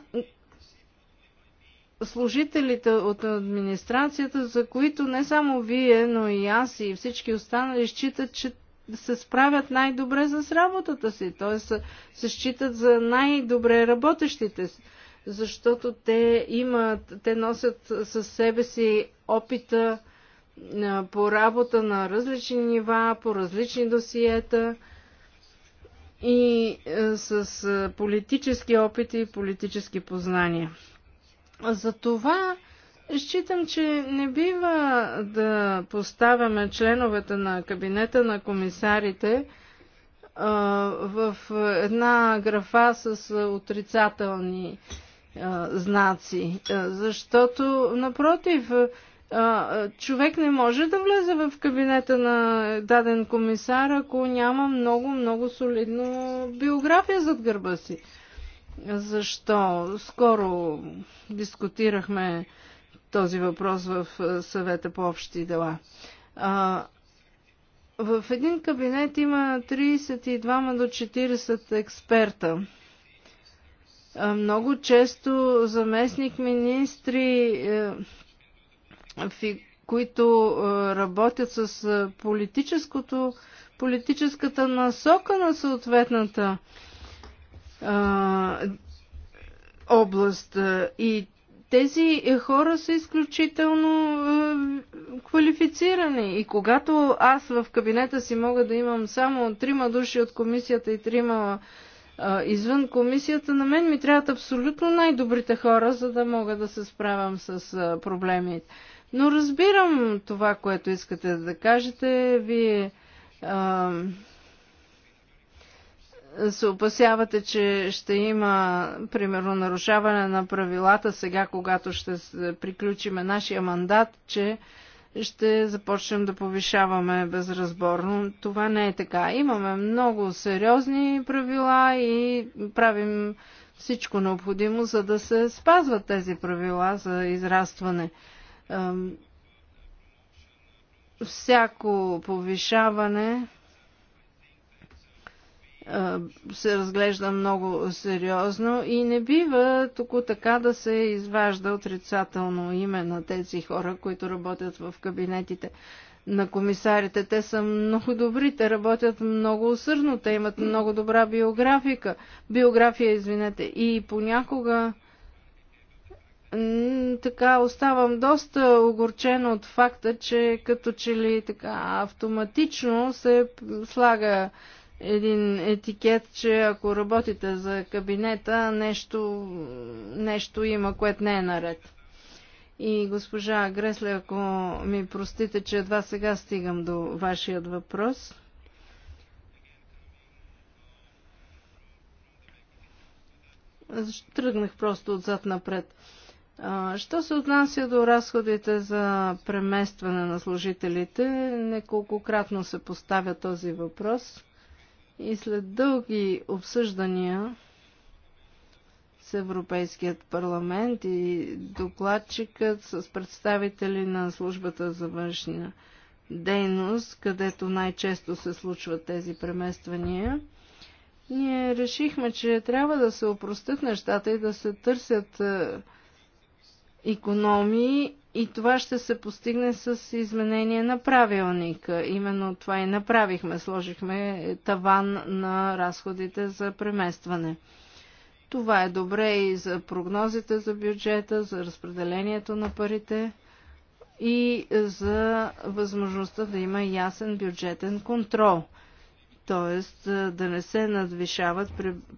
служителите от администрацията, за които не само вие, но и аз и всички останали считат, че се справят най-добре с работата си, т.е. се считат за най-добре работещите си, защото те имат, те носят със себе си опита по работа на различни нива, по различни досиета и с политически опити и политически познания. За това Считам, че не бива да поставяме членовете на кабинета на комисарите в една графа с отрицателни знаци, защото, напротив, човек не може да влезе в кабинета на даден комисар, ако няма много, много солидно биография зад гърба си. Защо? Скоро дискутирахме този въпрос в е, съвета по общи дела. В един кабинет има 32 до 40 експерта. Много често заместник министри, е, които е, работят с политическото, политическата насока на съответната област и тези хора са изключително е, квалифицирани. И когато аз в кабинета си мога да имам само трима души от комисията и трима е, извън комисията, на мен ми трябват абсолютно най-добрите хора, за да мога да се справям с е, проблемите. Но разбирам това, което искате да кажете. Вие. Е, се опасявате, че ще има, примерно, нарушаване на правилата сега, когато ще приключиме нашия мандат, че ще започнем да повишаваме безразборно. Това не е така. Имаме много сериозни правила и правим всичко необходимо, за да се спазват тези правила за израстване. Всяко повишаване се разглежда много сериозно и не бива тук така да се изважда отрицателно име на тези хора, които работят в кабинетите на комисарите. Те са много добри, те работят много усърдно, те имат много добра биографика, биография, извинете. И понякога така оставам доста огорчена от факта, че като че ли така автоматично се слага един етикет, че ако работите за кабинета, нещо, нещо има, което не е наред. И госпожа Гресле, ако ми простите, че едва сега стигам до вашият въпрос. Тръгнах просто отзад напред. Що се отнася до разходите за преместване на служителите, неколкократно се поставя този въпрос – и след дълги обсъждания с Европейският парламент и докладчикът с представители на службата за външния дейност, където най-често се случват тези премествания, ние решихме, че трябва да се опростят нещата и да се търсят економии и това ще се постигне с изменение на правилника. Именно това и направихме. Сложихме таван на разходите за преместване. Това е добре и за прогнозите за бюджета, за разпределението на парите и за възможността да има ясен бюджетен контрол. Тоест да не се надвишават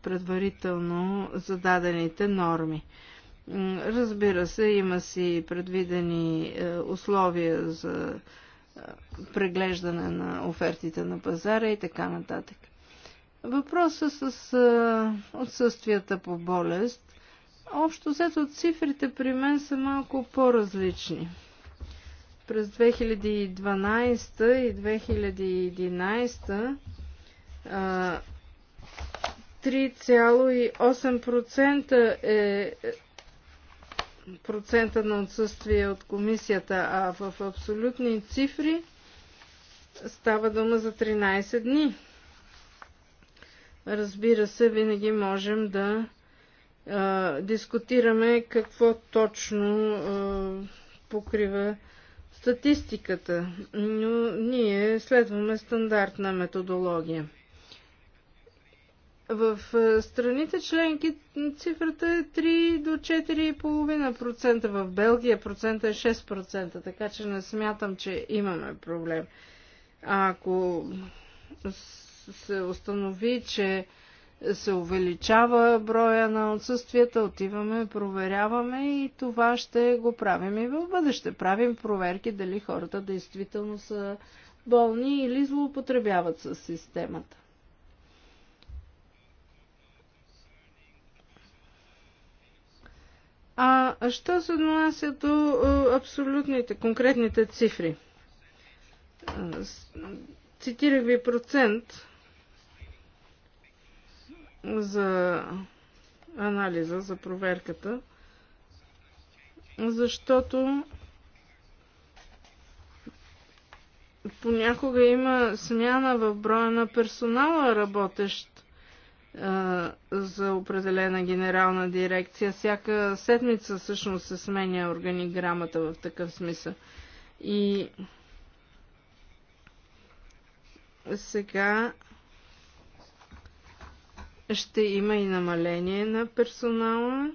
предварително зададените норми. Разбира се, има си предвидени е, условия за е, преглеждане на офертите на пазара и така нататък. Въпросът с е, отсъствията по болест. Общо взето цифрите при мен са малко по-различни. През 2012 и 2011 3,8% е процента на отсъствие от комисията, а в абсолютни цифри става дума за 13 дни. Разбира се, винаги можем да а, дискутираме какво точно а, покрива статистиката, но ние следваме стандартна методология. В е, страните членки цифрата е 3 до 4,5%. В Белгия процента е 6%, така че не смятам, че имаме проблем. А ако се установи, че се увеличава броя на отсъствията, отиваме, проверяваме и това ще го правим и в бъдеще. Правим проверки дали хората действително са болни или злоупотребяват с системата. А що се отнася до е, абсолютните, конкретните цифри? Е, цитирах ви процент за анализа, за проверката, защото понякога има смяна в броя на персонала работещ за определена генерална дирекция. Всяка седмица всъщност се сменя органиграмата в такъв смисъл. И сега ще има и намаление на персонала.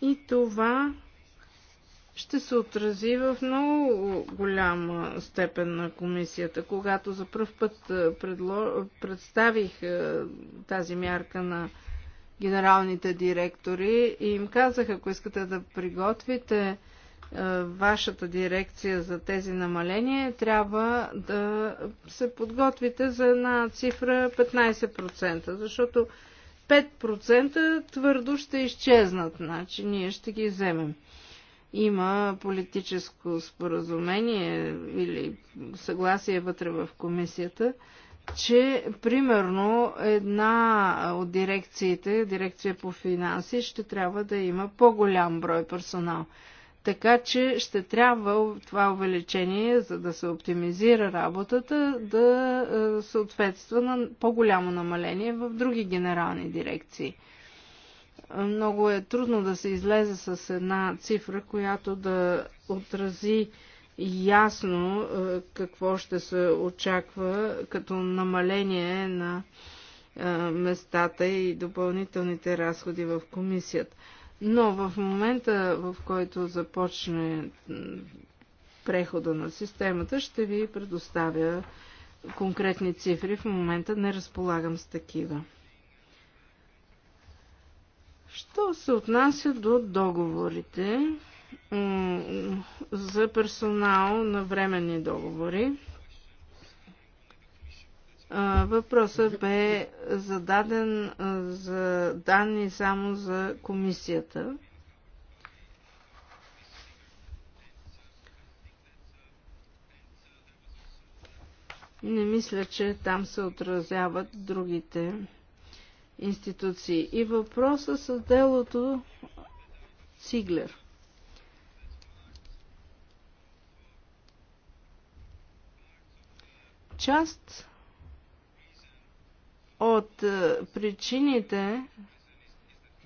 И това ще се отрази в много голяма степен на комисията. Когато за първ път предло... представих тази мярка на генералните директори и им казах, ако искате да приготвите вашата дирекция за тези намаления, трябва да се подготвите за една цифра 15%, защото 5% твърдо ще изчезнат, значи ние ще ги вземем има политическо споразумение или съгласие вътре в комисията, че примерно една от дирекциите, дирекция по финанси, ще трябва да има по-голям брой персонал. Така че ще трябва това увеличение, за да се оптимизира работата, да е, съответства на по-голямо намаление в други генерални дирекции много е трудно да се излезе с една цифра, която да отрази ясно е, какво ще се очаква като намаление на е, местата и допълнителните разходи в комисията. Но в момента, в който започне прехода на системата, ще ви предоставя конкретни цифри. В момента не разполагам с такива. Що се отнася до договорите за персонал на временни договори, въпросът бе зададен за данни само за комисията. Не мисля, че там се отразяват другите институции. И въпроса с делото Циглер. Част от е, причините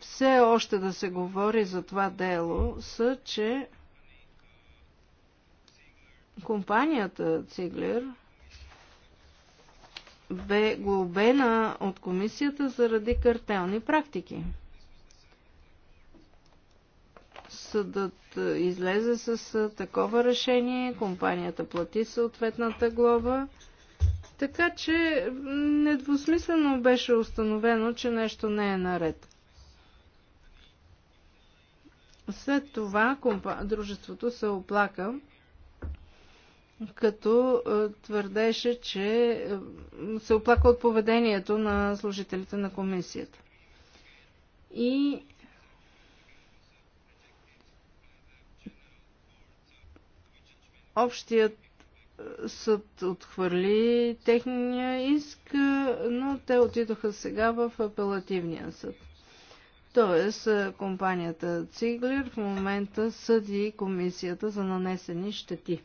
все още да се говори за това дело са, че компанията Циглер – бе глобена от комисията заради картелни практики. Съдът излезе с такова решение, компанията плати съответната глоба, така че недвусмислено беше установено, че нещо не е наред. След това дружеството се оплака като е, твърдеше, че е, се оплака от поведението на служителите на комисията. И общият е, съд отхвърли техния иск, но те отидоха сега в апелативния съд. Тоест, компанията Циглер в момента съди комисията за нанесени щети.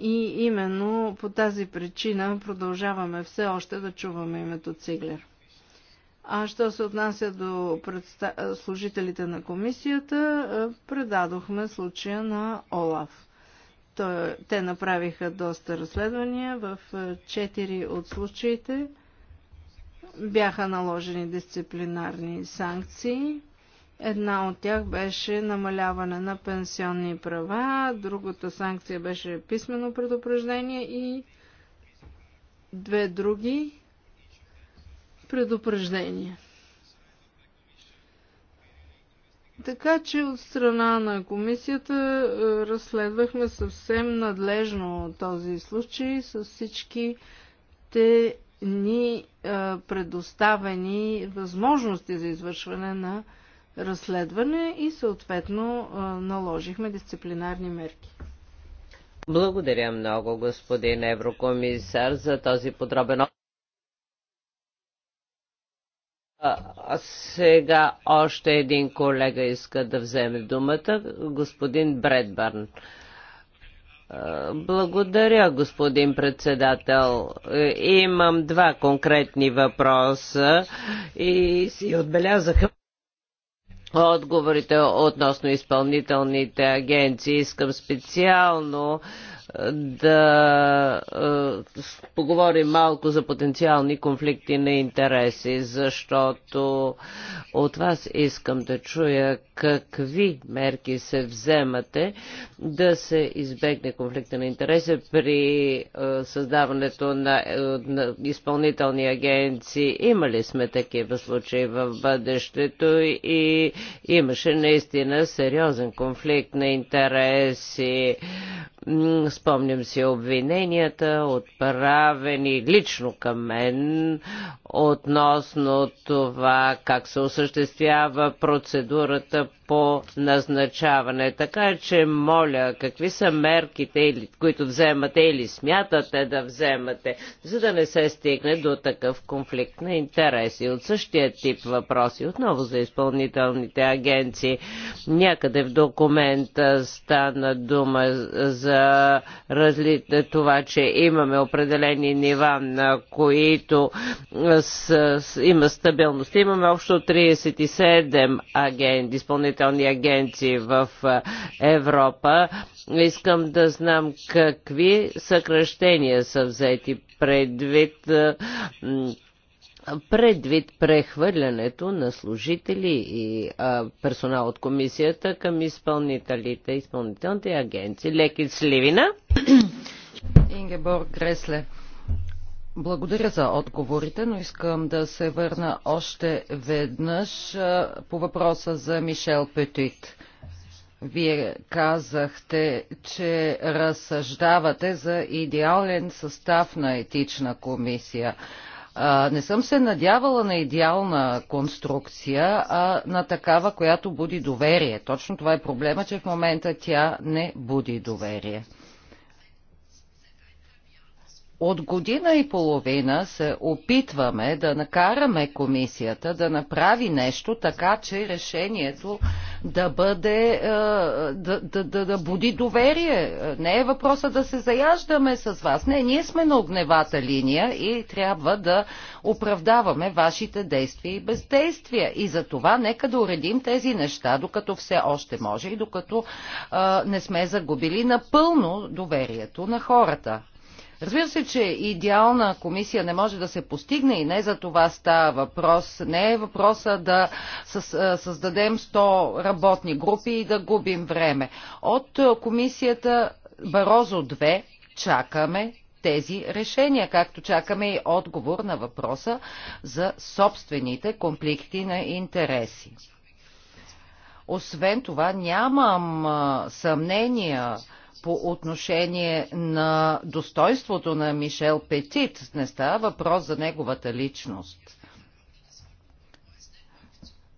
И именно по тази причина продължаваме все още да чуваме името Циглер. А що се отнася до предста... служителите на комисията, е, предадохме случая на Олаф. Той... Те направиха доста разследвания. В е, четири от случаите бяха наложени дисциплинарни санкции Една от тях беше намаляване на пенсионни права, другата санкция беше писмено предупреждение и две други предупреждения. Така че от страна на комисията е, разследвахме съвсем надлежно този случай с всички те ни е, предоставени възможности за извършване на разследване и съответно наложихме дисциплинарни мерки. Благодаря много, господин еврокомисар, за този подробен а сега още един колега иска да вземе думата, господин Бредбърн. Благодаря, господин председател. Е, имам два конкретни въпроса и си отбелязаха отговорите относно изпълнителните агенции. Искам специално да е, поговорим малко за потенциални конфликти на интереси, защото от вас искам да чуя какви мерки се вземате да се избегне конфликта на интереси при е, създаването е, на, изпълнителни агенции. Има ли сме такива случаи в бъдещето и имаше наистина сериозен конфликт на интереси Спомням си обвиненията, отправени лично към мен, относно това как се осъществява процедурата по назначаване. Така че, моля, какви са мерките, които вземате или смятате да вземате, за да не се стигне до такъв конфликт на интереси. От същия тип въпроси, отново за изпълнителните агенции. Някъде в документа стана дума за разли... това, че имаме определени нива, на които с... с... има стабилност. Имаме общо 37 агенти, изпълнителни изпълнителни агенции в Европа. Искам да знам какви съкръщения са взети предвид предвид прехвърлянето на служители и а, персонал от комисията към изпълнителите, изпълнителните агенции. Леки Сливина. Ингеборг Гресле. Благодаря за отговорите, но искам да се върна още веднъж по въпроса за Мишел Петит. Вие казахте, че разсъждавате за идеален състав на етична комисия. не съм се надявала на идеална конструкция, а на такава, която буди доверие. Точно това е проблема, че в момента тя не буди доверие. От година и половина се опитваме да накараме комисията да направи нещо така, че решението да бъде, е, да, да, да, да буди доверие. Не е въпроса да се заяждаме с вас. Не, ние сме на огневата линия и трябва да оправдаваме вашите действия и бездействия. И за това нека да уредим тези неща, докато все още може и докато а, е, не сме загубили напълно доверието на хората. Разбира се, че идеална комисия не може да се постигне и не за това става въпрос. Не е въпроса да създадем 100 работни групи и да губим време. От комисията Барозо 2 чакаме тези решения, както чакаме и отговор на въпроса за собствените конфликти на интереси. Освен това, нямам съмнения, по отношение на достоинството на Мишел Петит. Не става въпрос за неговата личност.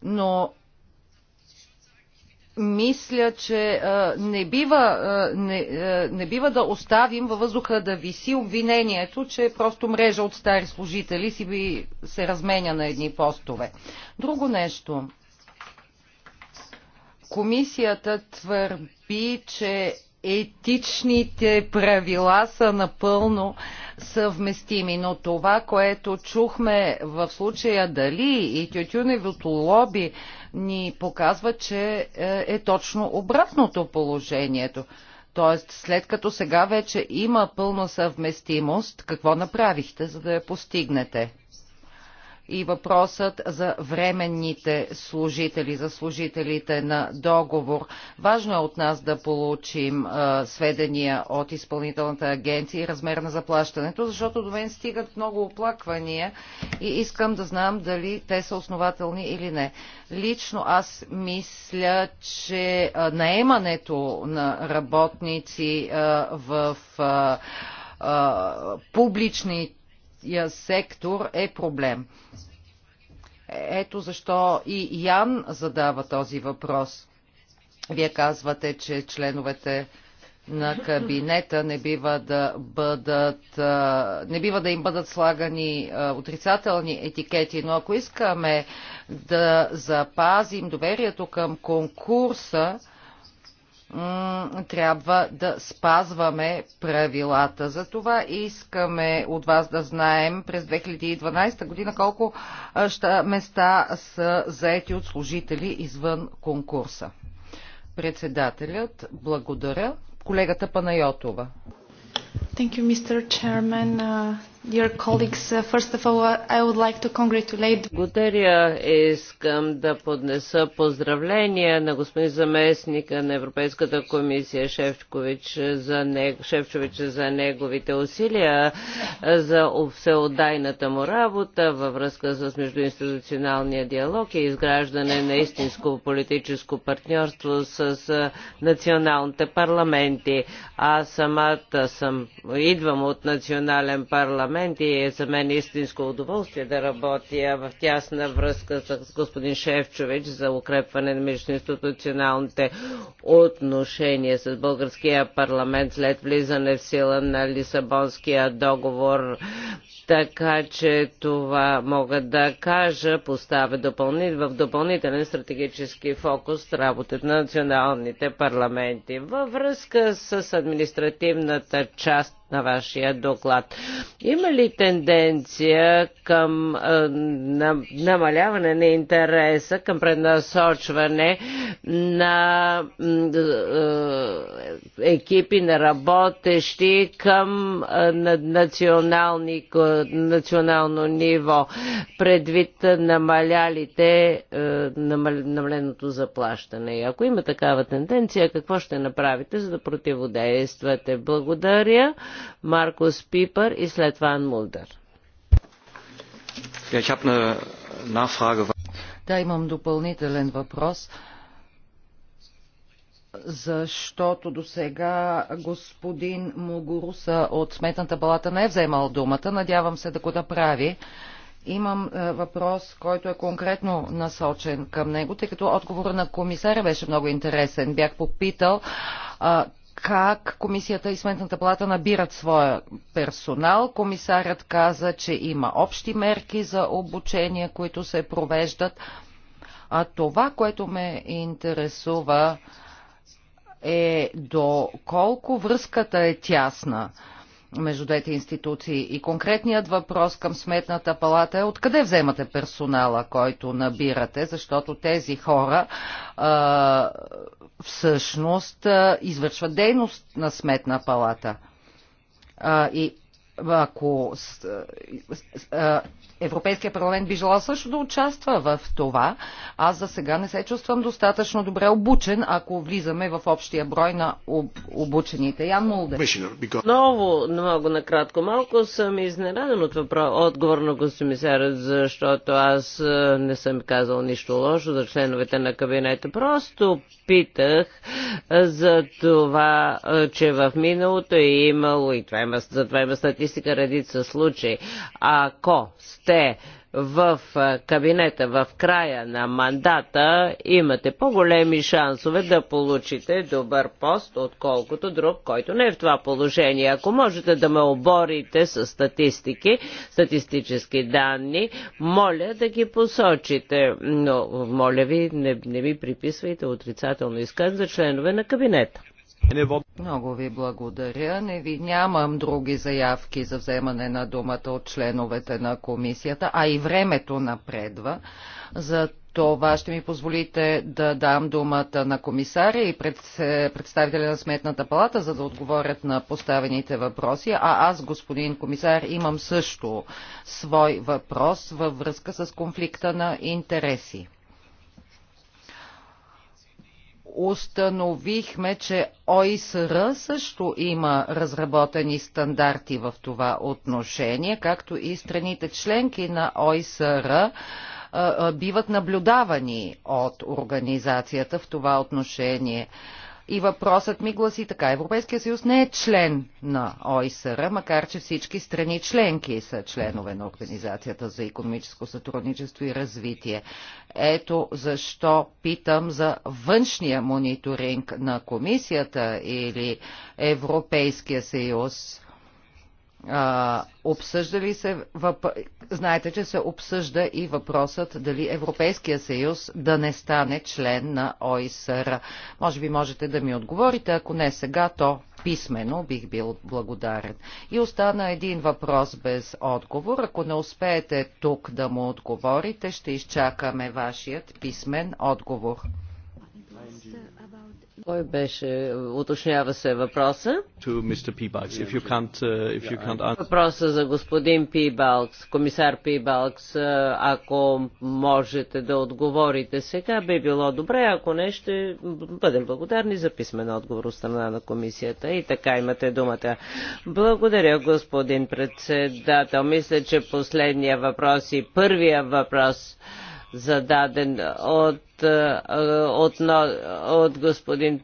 Но мисля, че а, не, бива, а, не, а, не бива да оставим във въздуха да виси обвинението, че просто мрежа от стари служители си би се разменя на едни постове. Друго нещо. Комисията твърди, че етичните правила са напълно съвместими. Но това, което чухме в случая Дали и тютюневото лоби ни показва, че е, е точно обратното положението. Тоест, след като сега вече има пълна съвместимост, какво направихте, за да я постигнете? и въпросът за временните служители, за служителите на договор. Важно е от нас да получим а, сведения от изпълнителната агенция и размер на заплащането, защото до мен стигат много оплаквания и искам да знам дали те са основателни или не. Лично аз мисля, че а, наемането на работници а, в а, публичните сектор е проблем. Ето защо и Ян задава този въпрос. Вие казвате, че членовете на кабинета не бива да бъдат, не бива да им бъдат слагани отрицателни етикети, но ако искаме да запазим доверието към конкурса, трябва да спазваме правилата. За това искаме от вас да знаем през 2012 година колко места са заети от служители извън конкурса. Председателят, благодаря. Колегата Панайотова. Thank you, Mr. Chairman. Uh, dear colleagues, uh, first of all, uh, I would like to congratulate... Благодаря. Искам да поднеса поздравления на господин заместника на Европейската комисия Шефчович за, не... Шефчович за неговите усилия за всеодайната му работа във връзка с междуинституционалния диалог и изграждане на истинско политическо партньорство с националните парламенти. А самата съм идвам от национален парламент и е за мен истинско удоволствие да работя в тясна връзка с господин Шевчович за укрепване на междуинституционалните отношения с българския парламент след влизане в сила на Лисабонския договор така че това мога да кажа, поставя допълнит, в допълнителен стратегически фокус работата на националните парламенти. Във връзка с административната част на вашия доклад. Има ли тенденция към е, на, намаляване на интереса, към преднасочване на е, екипи на работещи към е, на, национални, национално ниво, предвид намалялите е, намал, намаленото заплащане? И ако има такава тенденция, какво ще направите, за да противодействате? Благодаря. Маркус Пипър и след това. Мулдър. Да, имам допълнителен въпрос защото до сега господин Могоруса от Сметната палата не е вземал думата. Надявам се да го направи. Имам е, въпрос, който е конкретно насочен към него, тъй като отговора на комисаря беше много интересен. Бях попитал а, как комисията и сметната плата набират своя персонал. Комисарят каза, че има общи мерки за обучение, които се провеждат. А това, което ме интересува е до колко връзката е тясна между двете институции. И конкретният въпрос към Сметната палата е откъде вземате персонала, който набирате, защото тези хора а, всъщност а, извършват дейност на Сметна палата. А, и ако а, Европейския парламент би желал също да участва в това. Аз за сега не се чувствам достатъчно добре обучен, ако влизаме в общия брой на об, обучените. Ян Мулде. Много, много накратко. Малко съм изненадан от въпрос, отговор на комисаря, защото аз е, не съм казал нищо лошо за членовете на кабинета. Просто питах е, за това, е, че в миналото е имало, и това има, за това има статистика, редица случаи. Ако сте в кабинета в края на мандата, имате по-големи шансове да получите добър пост, отколкото друг, който не е в това положение. Ако можете да ме оборите с статистики, статистически данни, моля да ги посочите. Но, моля ви, не, не ми приписвайте отрицателно искан за членове на кабинета. Много ви благодаря. Не ви нямам други заявки за вземане на думата от членовете на комисията, а и времето напредва. За това ще ми позволите да дам думата на комисаря и пред, представителя на Сметната палата, за да отговорят на поставените въпроси. А аз, господин комисар, имам също свой въпрос във връзка с конфликта на интереси установихме, че ОИСР също има разработени стандарти в това отношение, както и страните членки на ОИСР биват наблюдавани от организацията в това отношение. И въпросът ми гласи така. Европейския съюз не е член на ОИСР, макар че всички страни членки са членове на Организацията за економическо сътрудничество и развитие. Ето защо питам за външния мониторинг на комисията или Европейския съюз а, обсъждали се въп... Знаете, че се обсъжда и въпросът дали Европейския съюз да не стане член на ОИСР. Може би можете да ми отговорите, ако не сега, то писмено бих бил благодарен. И остана един въпрос без отговор. Ако не успеете тук да му отговорите, ще изчакаме вашият писмен отговор. Кой беше, уточнява се въпроса? Can't... Uh, въпроса за господин Пибалкс, комисар Пибалкс, ако можете да отговорите сега, би било добре, ако не ще бъдем благодарни за писмен отговор от страна на комисията. И така имате думата. Благодаря, господин председател. Мисля, че последния въпрос и първия въпрос зададен от от, е, от господин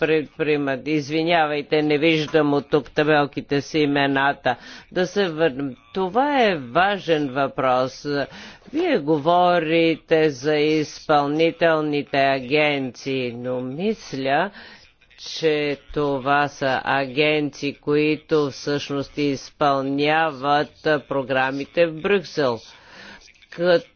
предпримат. Извинявайте, не виждам от тук табелките си имената. Да се върнем. Това е важен въпрос. Вие говорите за изпълнителните агенции, но мисля, че това са агенции, които всъщност изпълняват програмите в Брюксел. Като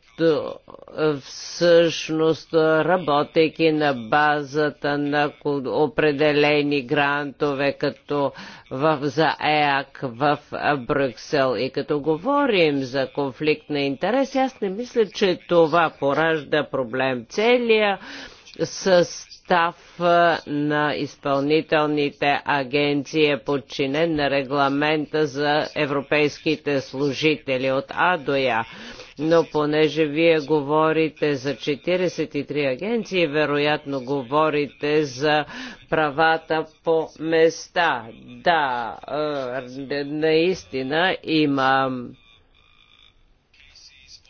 всъщност работейки на базата на определени грантове като в, за ЕАК в Брюксел. И като говорим за конфликт на интерес, аз не мисля, че това поражда проблем целия състав на изпълнителните агенции е подчинен на регламента за европейските служители от А до Я. Но понеже вие говорите за 43 агенции, вероятно говорите за правата по места. Да, е, наистина имам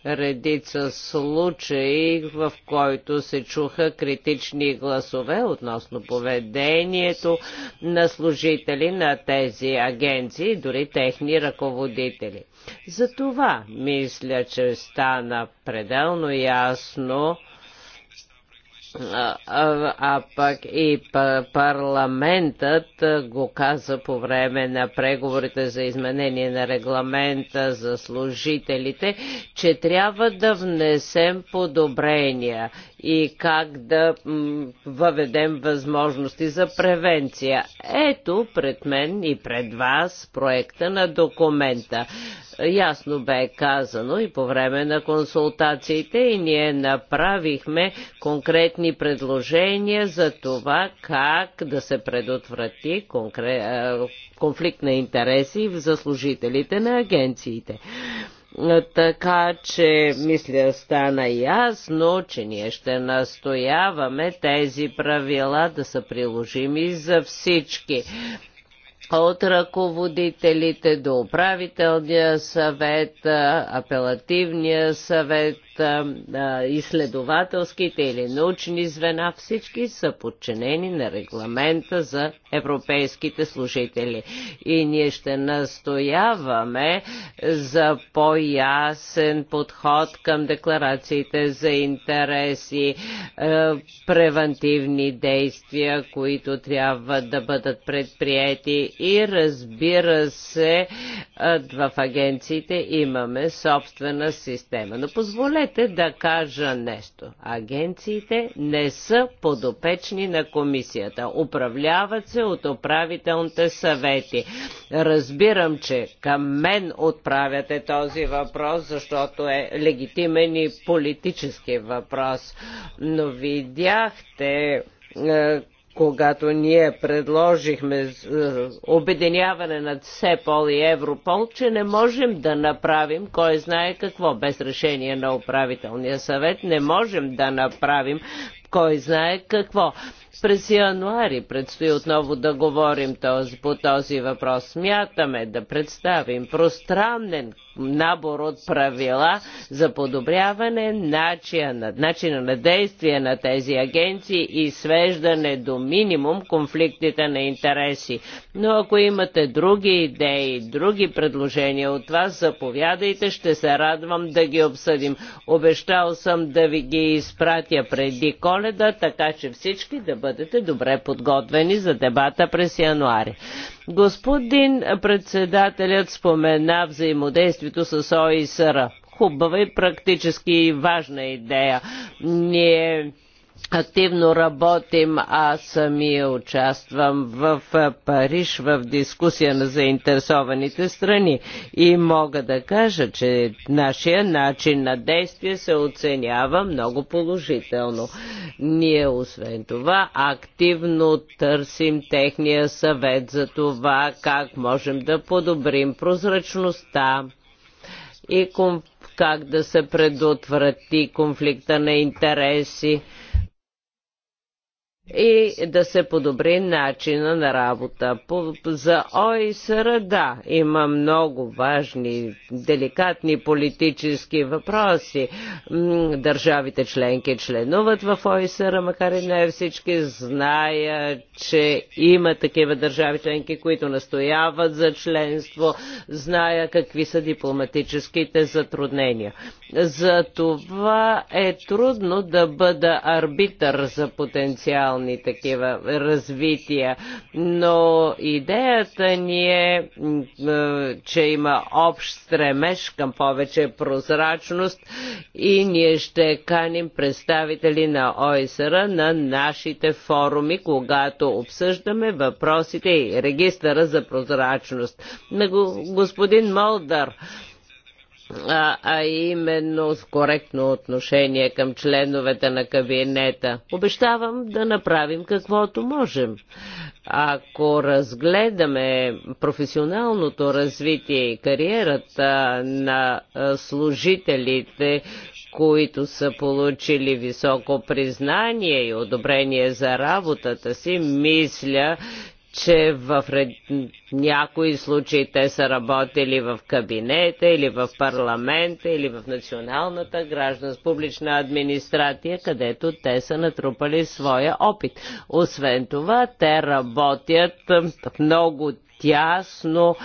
редица случаи, в който се чуха критични гласове относно поведението на служители на тези агенции, дори техни ръководители. Затова мисля, че стана пределно ясно, а, а пък и парламентът го каза по време на преговорите за изменение на регламента за служителите, че трябва да внесем подобрения и как да въведем възможности за превенция. Ето пред мен и пред вас проекта на документа. Ясно бе казано и по време на консултациите и ние направихме конкретни предложения за това как да се предотврати конкрет конфликт на интереси за служителите на агенциите. Така че, мисля, стана ясно, че ние ще настояваме тези правила да са приложими за всички от ръководителите до управителния съвет, апелативния съвет, изследователските или научни звена, всички са подчинени на регламента за европейските служители. И ние ще настояваме за по-ясен подход към декларациите за интереси, превентивни действия, които трябва да бъдат предприяти и разбира се, в агенциите имаме собствена система. Но позволете Позволете да кажа нещо. Агенциите не са подопечни на комисията. Управляват се от управителните съвети. Разбирам, че към мен отправяте този въпрос, защото е легитимен и политически въпрос. Но видяхте е, когато ние предложихме е, обединяване на СЕПОЛ и Европол, че не можем да направим кой знае какво без решение на управителния съвет, не можем да направим кой знае какво. През януари предстои отново да говорим този, по този въпрос. Смятаме да представим пространен набор от правила за подобряване начина, начина на действие на тези агенции и свеждане до минимум конфликтите на интереси. Но ако имате други идеи, други предложения от вас, заповядайте, ще се радвам да ги обсъдим. Обещал съм да ви ги изпратя преди коледа коледа, така че всички да бъдете добре подготвени за дебата през януари. Господин председателят спомена взаимодействието с ОИСР. Хубава и практически важна идея. Ние активно работим. Аз самия участвам в Париж в дискусия на заинтересованите страни и мога да кажа, че нашия начин на действие се оценява много положително. Ние освен това активно търсим техния съвет за това как можем да подобрим прозрачността и как да се предотврати конфликта на интереси и да се подобри начина на работа. По, за ОИСР, да, има много важни, деликатни политически въпроси. Държавите членки членуват в ОИСР, макар и не всички зная, че има такива държави членки, които настояват за членство, зная какви са дипломатическите затруднения. За това е трудно да бъда арбитър за потенциал социални такива развития. Но идеята ни е, че има общ стремеж към повече прозрачност и ние ще каним представители на ОСР на нашите форуми, когато обсъждаме въпросите и регистъра за прозрачност. На господин Молдър, а, а именно с коректно отношение към членовете на кабинета. Обещавам да направим каквото можем. Ако разгледаме професионалното развитие и кариерата на служителите, които са получили високо признание и одобрение за работата си, мисля, че в някои случаи те са работили в кабинета или в парламента или в националната гражданска публична администрация, където те са натрупали своя опит. Освен това, те работят в много тясно,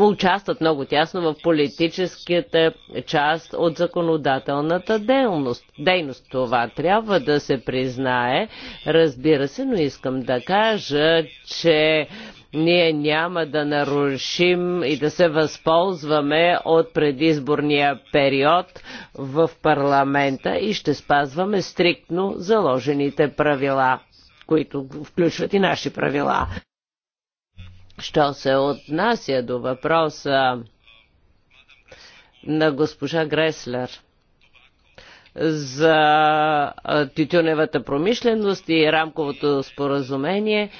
участват много тясно в политическата част от законодателната дейност. дейност. Това трябва да се признае, разбира се, но искам да кажа, че ние няма да нарушим и да се възползваме от предизборния период в парламента и ще спазваме стриктно заложените правила, които включват и наши правила. Що се отнася до въпроса на госпожа Греслер за тютюневата промишленост и рамковото споразумение,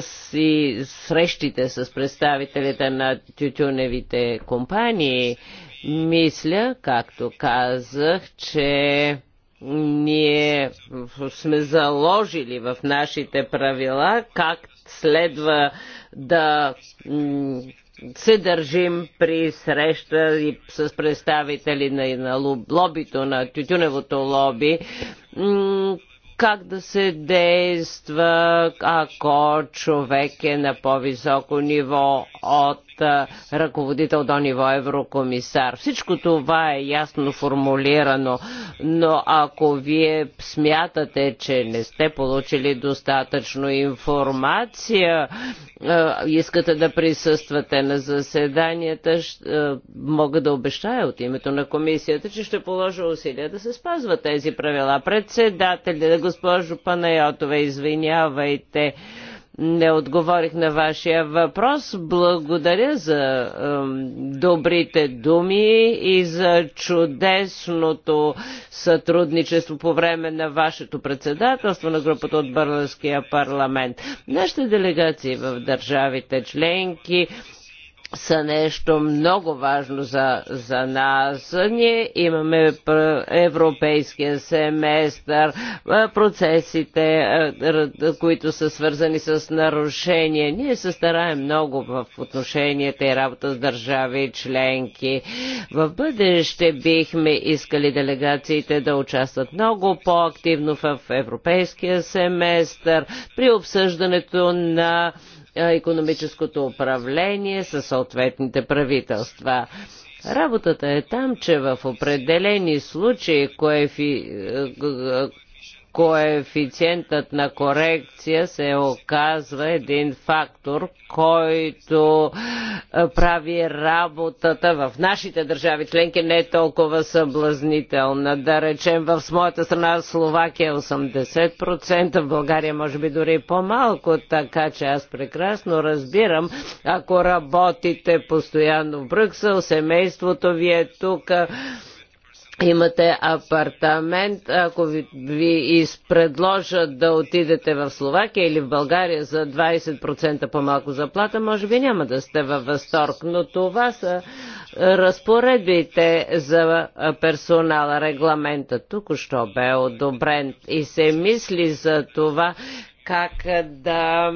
си срещите с представителите на тютюневите компании, мисля, както казах, че ние сме заложили в нашите правила как следва да се държим при среща и с представители на, на лобито, на тютюневото лоби, как да се действа, ако човек е на по-високо ниво от ръководител до ниво еврокомисар. Всичко това е ясно формулирано, но ако вие смятате, че не сте получили достатъчно информация, искате да присъствате на заседанията, мога да обещая от името на комисията, че ще положа усилия да се спазва тези правила. Председателя, госпожо Панайотова, извинявайте не отговорих на вашия въпрос. Благодаря за е, добрите думи и за чудесното сътрудничество по време на вашето председателство на групата от Бърнския парламент. Нашите делегации в държавите членки са нещо много важно за, за нас. Ние имаме европейския семестър, процесите, които са свързани с нарушения. Ние се стараем много в отношенията и работа с държави и членки. В бъдеще бихме искали делегациите да участват много по-активно в европейския семестър при обсъждането на е, економическото управление със съответните правителства. Работата е там, че в определени случаи кое. Е, коефициентът на корекция се оказва един фактор, който прави работата в нашите държави членки не е толкова съблазнителна. Да речем, в моята страна Словакия 80%, в България може би дори по-малко, така че аз прекрасно разбирам, ако работите постоянно в Брюксел, семейството ви е тук, имате апартамент, ако ви, ви изпредложат да отидете в Словакия или в България за 20% по-малко заплата, може би няма да сте във възторг, но това са разпоредбите за персонала, регламента. тук що бе одобрен и се мисли за това как да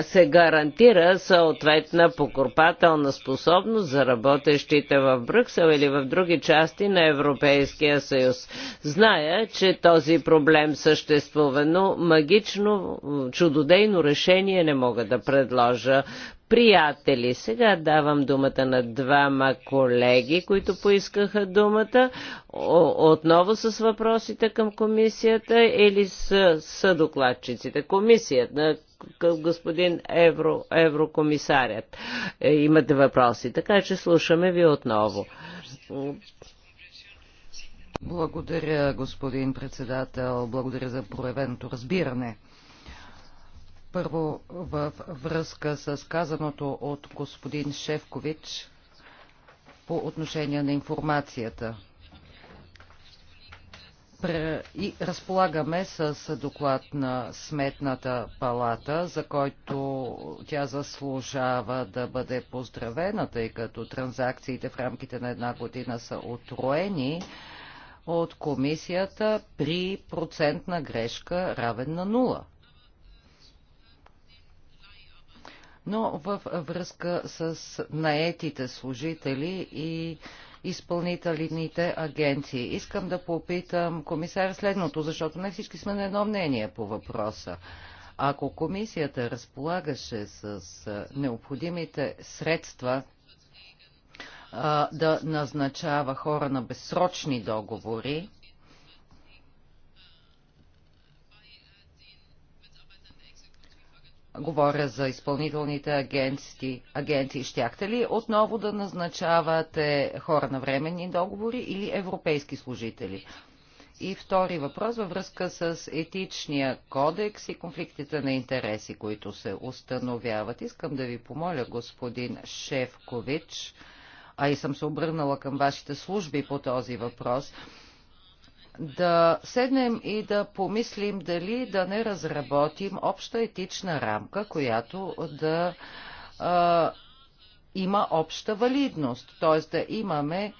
се гарантира съответна покорпателна способност за работещите в Брюксел или в други части на Европейския съюз. Зная, че този проблем съществува, но магично, чудодейно решение не мога да предложа приятели. Сега давам думата на двама колеги, които поискаха думата. Отново с въпросите към комисията или с, съдокладчиците. докладчиците. Комисията, господин евро, еврокомисарят. Е, имате въпроси, така че слушаме ви отново. Благодаря, господин председател. Благодаря за проявеното разбиране. Първо, във връзка с казаното от господин Шевкович по отношение на информацията. И разполагаме с доклад на Сметната палата, за който тя заслужава да бъде поздравена, тъй като транзакциите в рамките на една година са отроени от комисията при процентна грешка равен на нула. но в връзка с наетите служители и изпълнителните агенции. Искам да попитам комисар следното, защото не всички сме на едно мнение по въпроса. Ако комисията разполагаше с необходимите средства а, да назначава хора на безсрочни договори, Говоря за изпълнителните агенти. агенти. Щяхте ли отново да назначавате хора на временни договори или европейски служители? И втори въпрос във връзка с етичния кодекс и конфликтите на интереси, които се установяват. Искам да ви помоля, господин Шефкович, а и съм се обърнала към вашите служби по този въпрос, да седнем и да помислим дали да не разработим обща етична рамка, която да а, има обща валидност, т.е. да имаме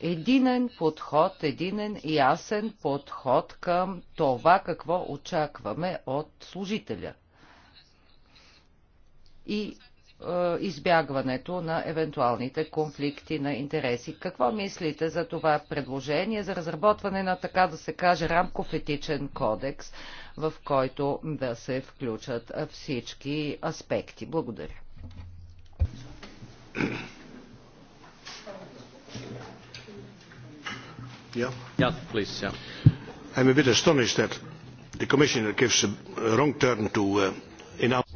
единен подход, единен ясен подход към това, какво очакваме от служителя. И е, избягването на евентуалните конфликти на интереси. Какво мислите за това предложение за разработване на така да се каже рамков етичен кодекс, в който да се включат всички аспекти? Благодаря. Yeah. Yeah, please, yeah. I'm a bit astonished that the Commissioner gives a wrong turn to uh, in our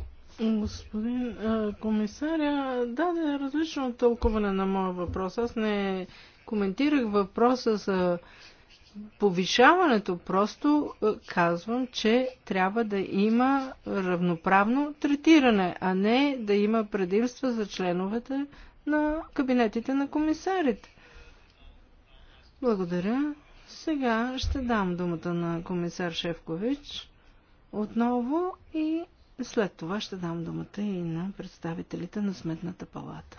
Господин комисаря, даде различно тълкуване на моя въпрос. Аз не коментирах въпроса за повишаването, просто казвам, че трябва да има равноправно третиране, а не да има предимства за членовете на кабинетите на комисарите. Благодаря. Сега ще дам думата на комисар Шевкович отново и след това ще дам думата и на представителите на Сметната палата.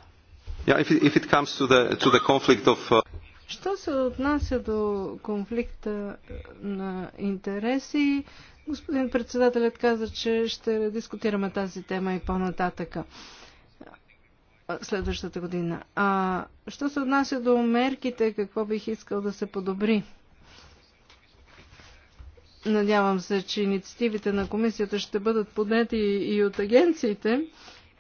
Що се отнася до конфликта е, на интереси, господин председателят каза, че ще дискутираме тази тема и по-нататъка е, следващата година. А що се отнася до мерките, какво бих искал да се подобри? Надявам се, че инициативите на комисията ще бъдат поднети и от агенциите.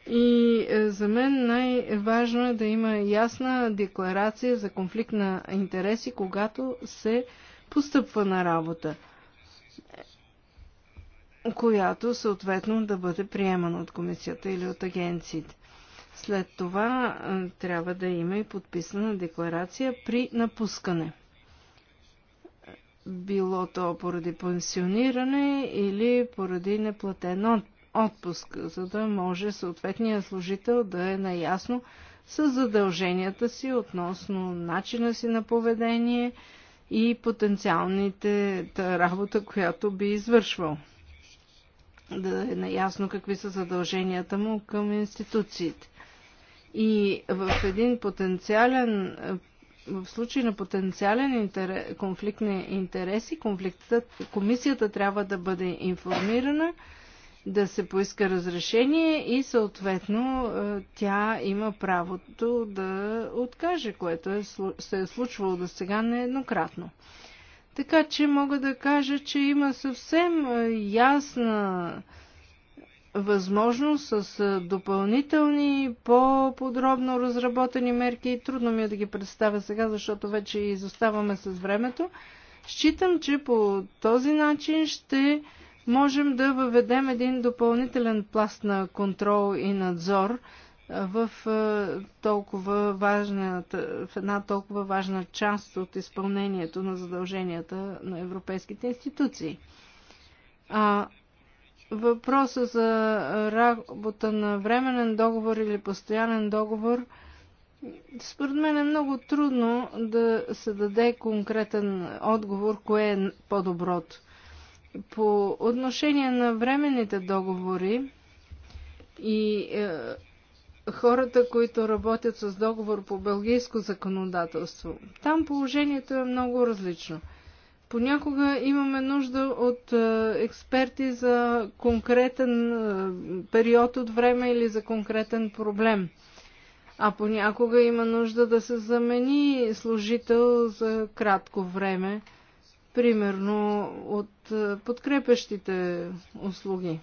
И е, за мен най-важно е да има ясна декларация за конфликт на интереси, когато се постъпва на работа, която съответно да бъде приемана от комисията или от агенциите. След това е, трябва да има и подписана декларация при напускане било то поради пенсиониране или поради неплатен отпуск, за да може съответния служител да е наясно с задълженията си относно начина си на поведение и потенциалните работа, която би извършвал. Да е наясно какви са задълженията му към институциите. И в един потенциален в случай на потенциален интерес, конфликт на интереси, комисията трябва да бъде информирана, да се поиска разрешение и съответно е, тя има правото да откаже, което е, се е случвало до сега нееднократно. Така че мога да кажа, че има съвсем е, ясна възможно с допълнителни, по-подробно разработени мерки. Трудно ми е да ги представя сега, защото вече изоставаме с времето. Считам, че по този начин ще можем да въведем един допълнителен пласт на контрол и надзор в, толкова важна, в една толкова важна част от изпълнението на задълженията на европейските институции. А Въпроса за работа на временен договор или постоянен договор според мен е много трудно да се даде конкретен отговор, кое е по-доброто. По отношение на временните договори и е, хората, които работят с договор по бългийско законодателство, там положението е много различно – Понякога имаме нужда от е, експерти за конкретен е, период от време или за конкретен проблем. А понякога има нужда да се замени служител за кратко време, примерно от е, подкрепещите услуги.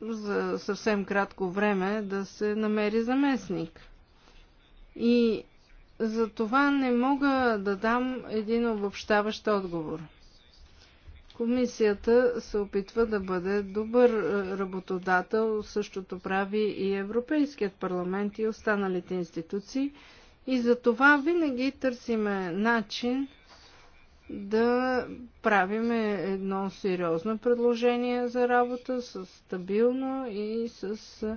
За съвсем кратко време да се намери заместник. И за това не мога да дам един обобщаващ отговор. Комисията се опитва да бъде добър е, работодател, същото прави и Европейският парламент и останалите институции. И за това винаги търсиме начин да правим едно сериозно предложение за работа с стабилно и с е,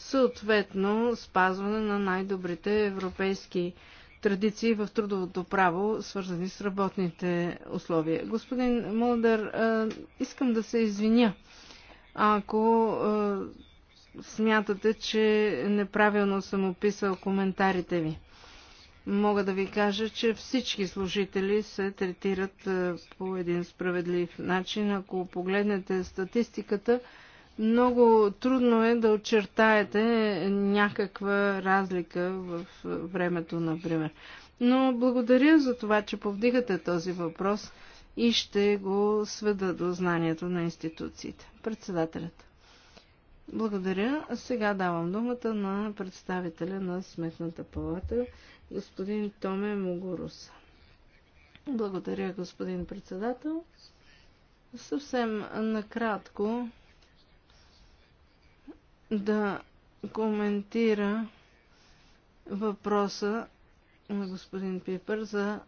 съответно спазване на най-добрите европейски традиции в трудовото право, свързани с работните условия. Господин Молдър, искам да се извиня, ако смятате, че неправилно съм описал коментарите ви. Мога да ви кажа, че всички служители се третират по един справедлив начин. Ако погледнете статистиката, много трудно е да очертаете някаква разлика в времето, например. Но благодаря за това, че повдигате този въпрос и ще го сведа до знанието на институциите. Председателят. Благодаря. Сега давам думата на представителя на Сметната палата, господин Томе Могоруса. Благодаря, господин председател. Съвсем накратко да коментира въпроса на господин Пипър за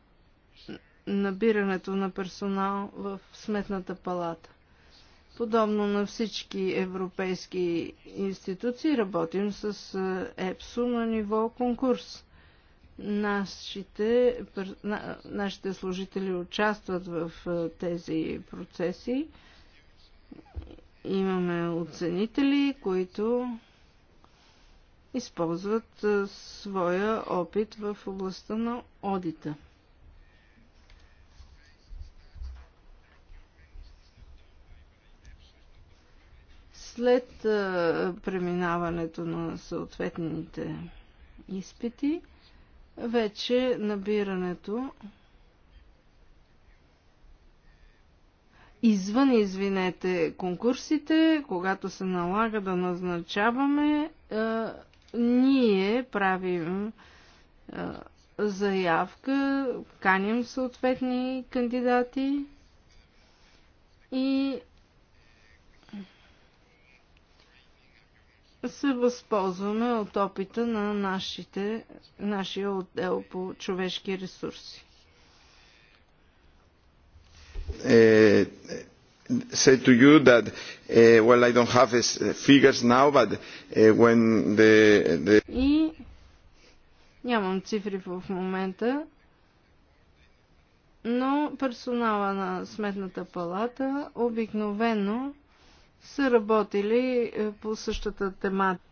набирането на персонал в Сметната палата. Подобно на всички европейски институции, работим с е, ЕПСО на ниво конкурс. Нашите, нашите служители участват в е, тези процеси Имаме оценители, които използват своя опит в областта на одита. След преминаването на съответните изпити, вече набирането извън, извинете, конкурсите, когато се налага да назначаваме, ние правим заявка, каним съответни кандидати и се възползваме от опита на нашите, нашия отдел по човешки ресурси. Е, say to you that, uh, well, I don't have uh, figures now, but uh, when the, the... И нямам цифри в момента, но персонала на Сметната палата обикновено са работили е, по същата тематика.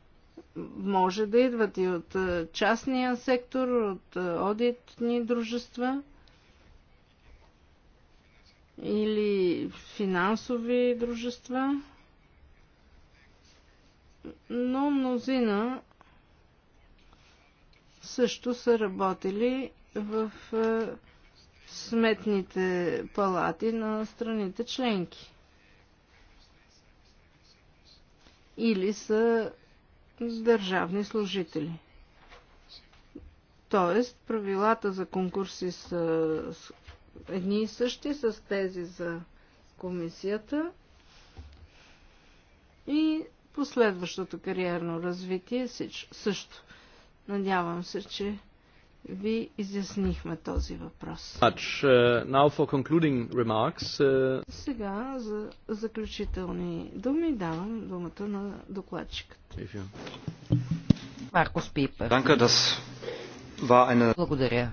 Може да идват и от е, частния сектор, от е, одитни дружества или финансови дружества, но мнозина също са работили в е, сметните палати на страните членки. Или са държавни служители. Тоест, правилата за конкурси са едни и същи с тези за комисията. И последващото кариерно развитие е също. Надявам се, че ви изяснихме този въпрос. Uh, uh, Сега за заключителни думи давам думата на докладчиката. Маркос Пипер. Благодаря.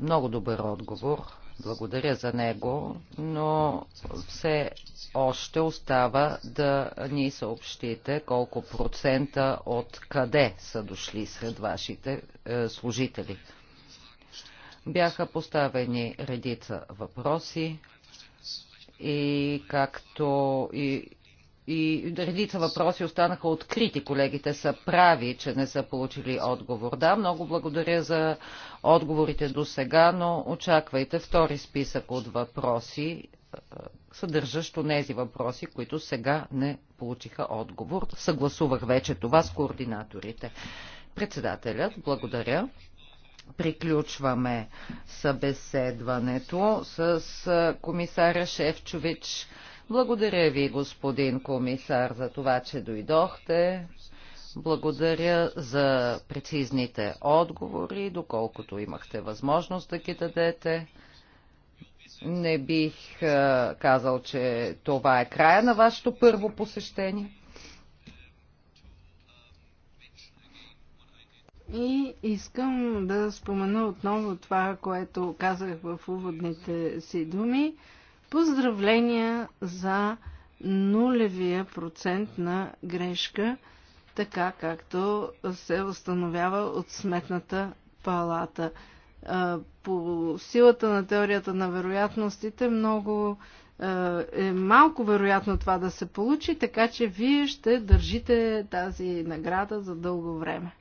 Много добър отговор. Благодаря за него, но все още остава да ни съобщите колко процента от къде са дошли сред вашите е, служители. Бяха поставени редица въпроси и както и и редица въпроси останаха открити. Колегите са прави, че не са получили отговор. Да, много благодаря за отговорите до сега, но очаквайте втори списък от въпроси, е, съдържащо тези въпроси, които сега не получиха отговор. Съгласувах вече това с координаторите. Председателят, благодаря приключваме събеседването с е, комисаря Шефчович. Благодаря ви, господин комисар, за това, че дойдохте. Благодаря за прецизните отговори, доколкото имахте възможност да ги дадете. Не бих казал, че това е края на вашето първо посещение. И искам да спомена отново това, което казах в уводните си думи. Поздравления за нулевия процент на грешка, така както се установява от сметната палата. По силата на теорията на вероятностите много е малко вероятно това да се получи, така че вие ще държите тази награда за дълго време.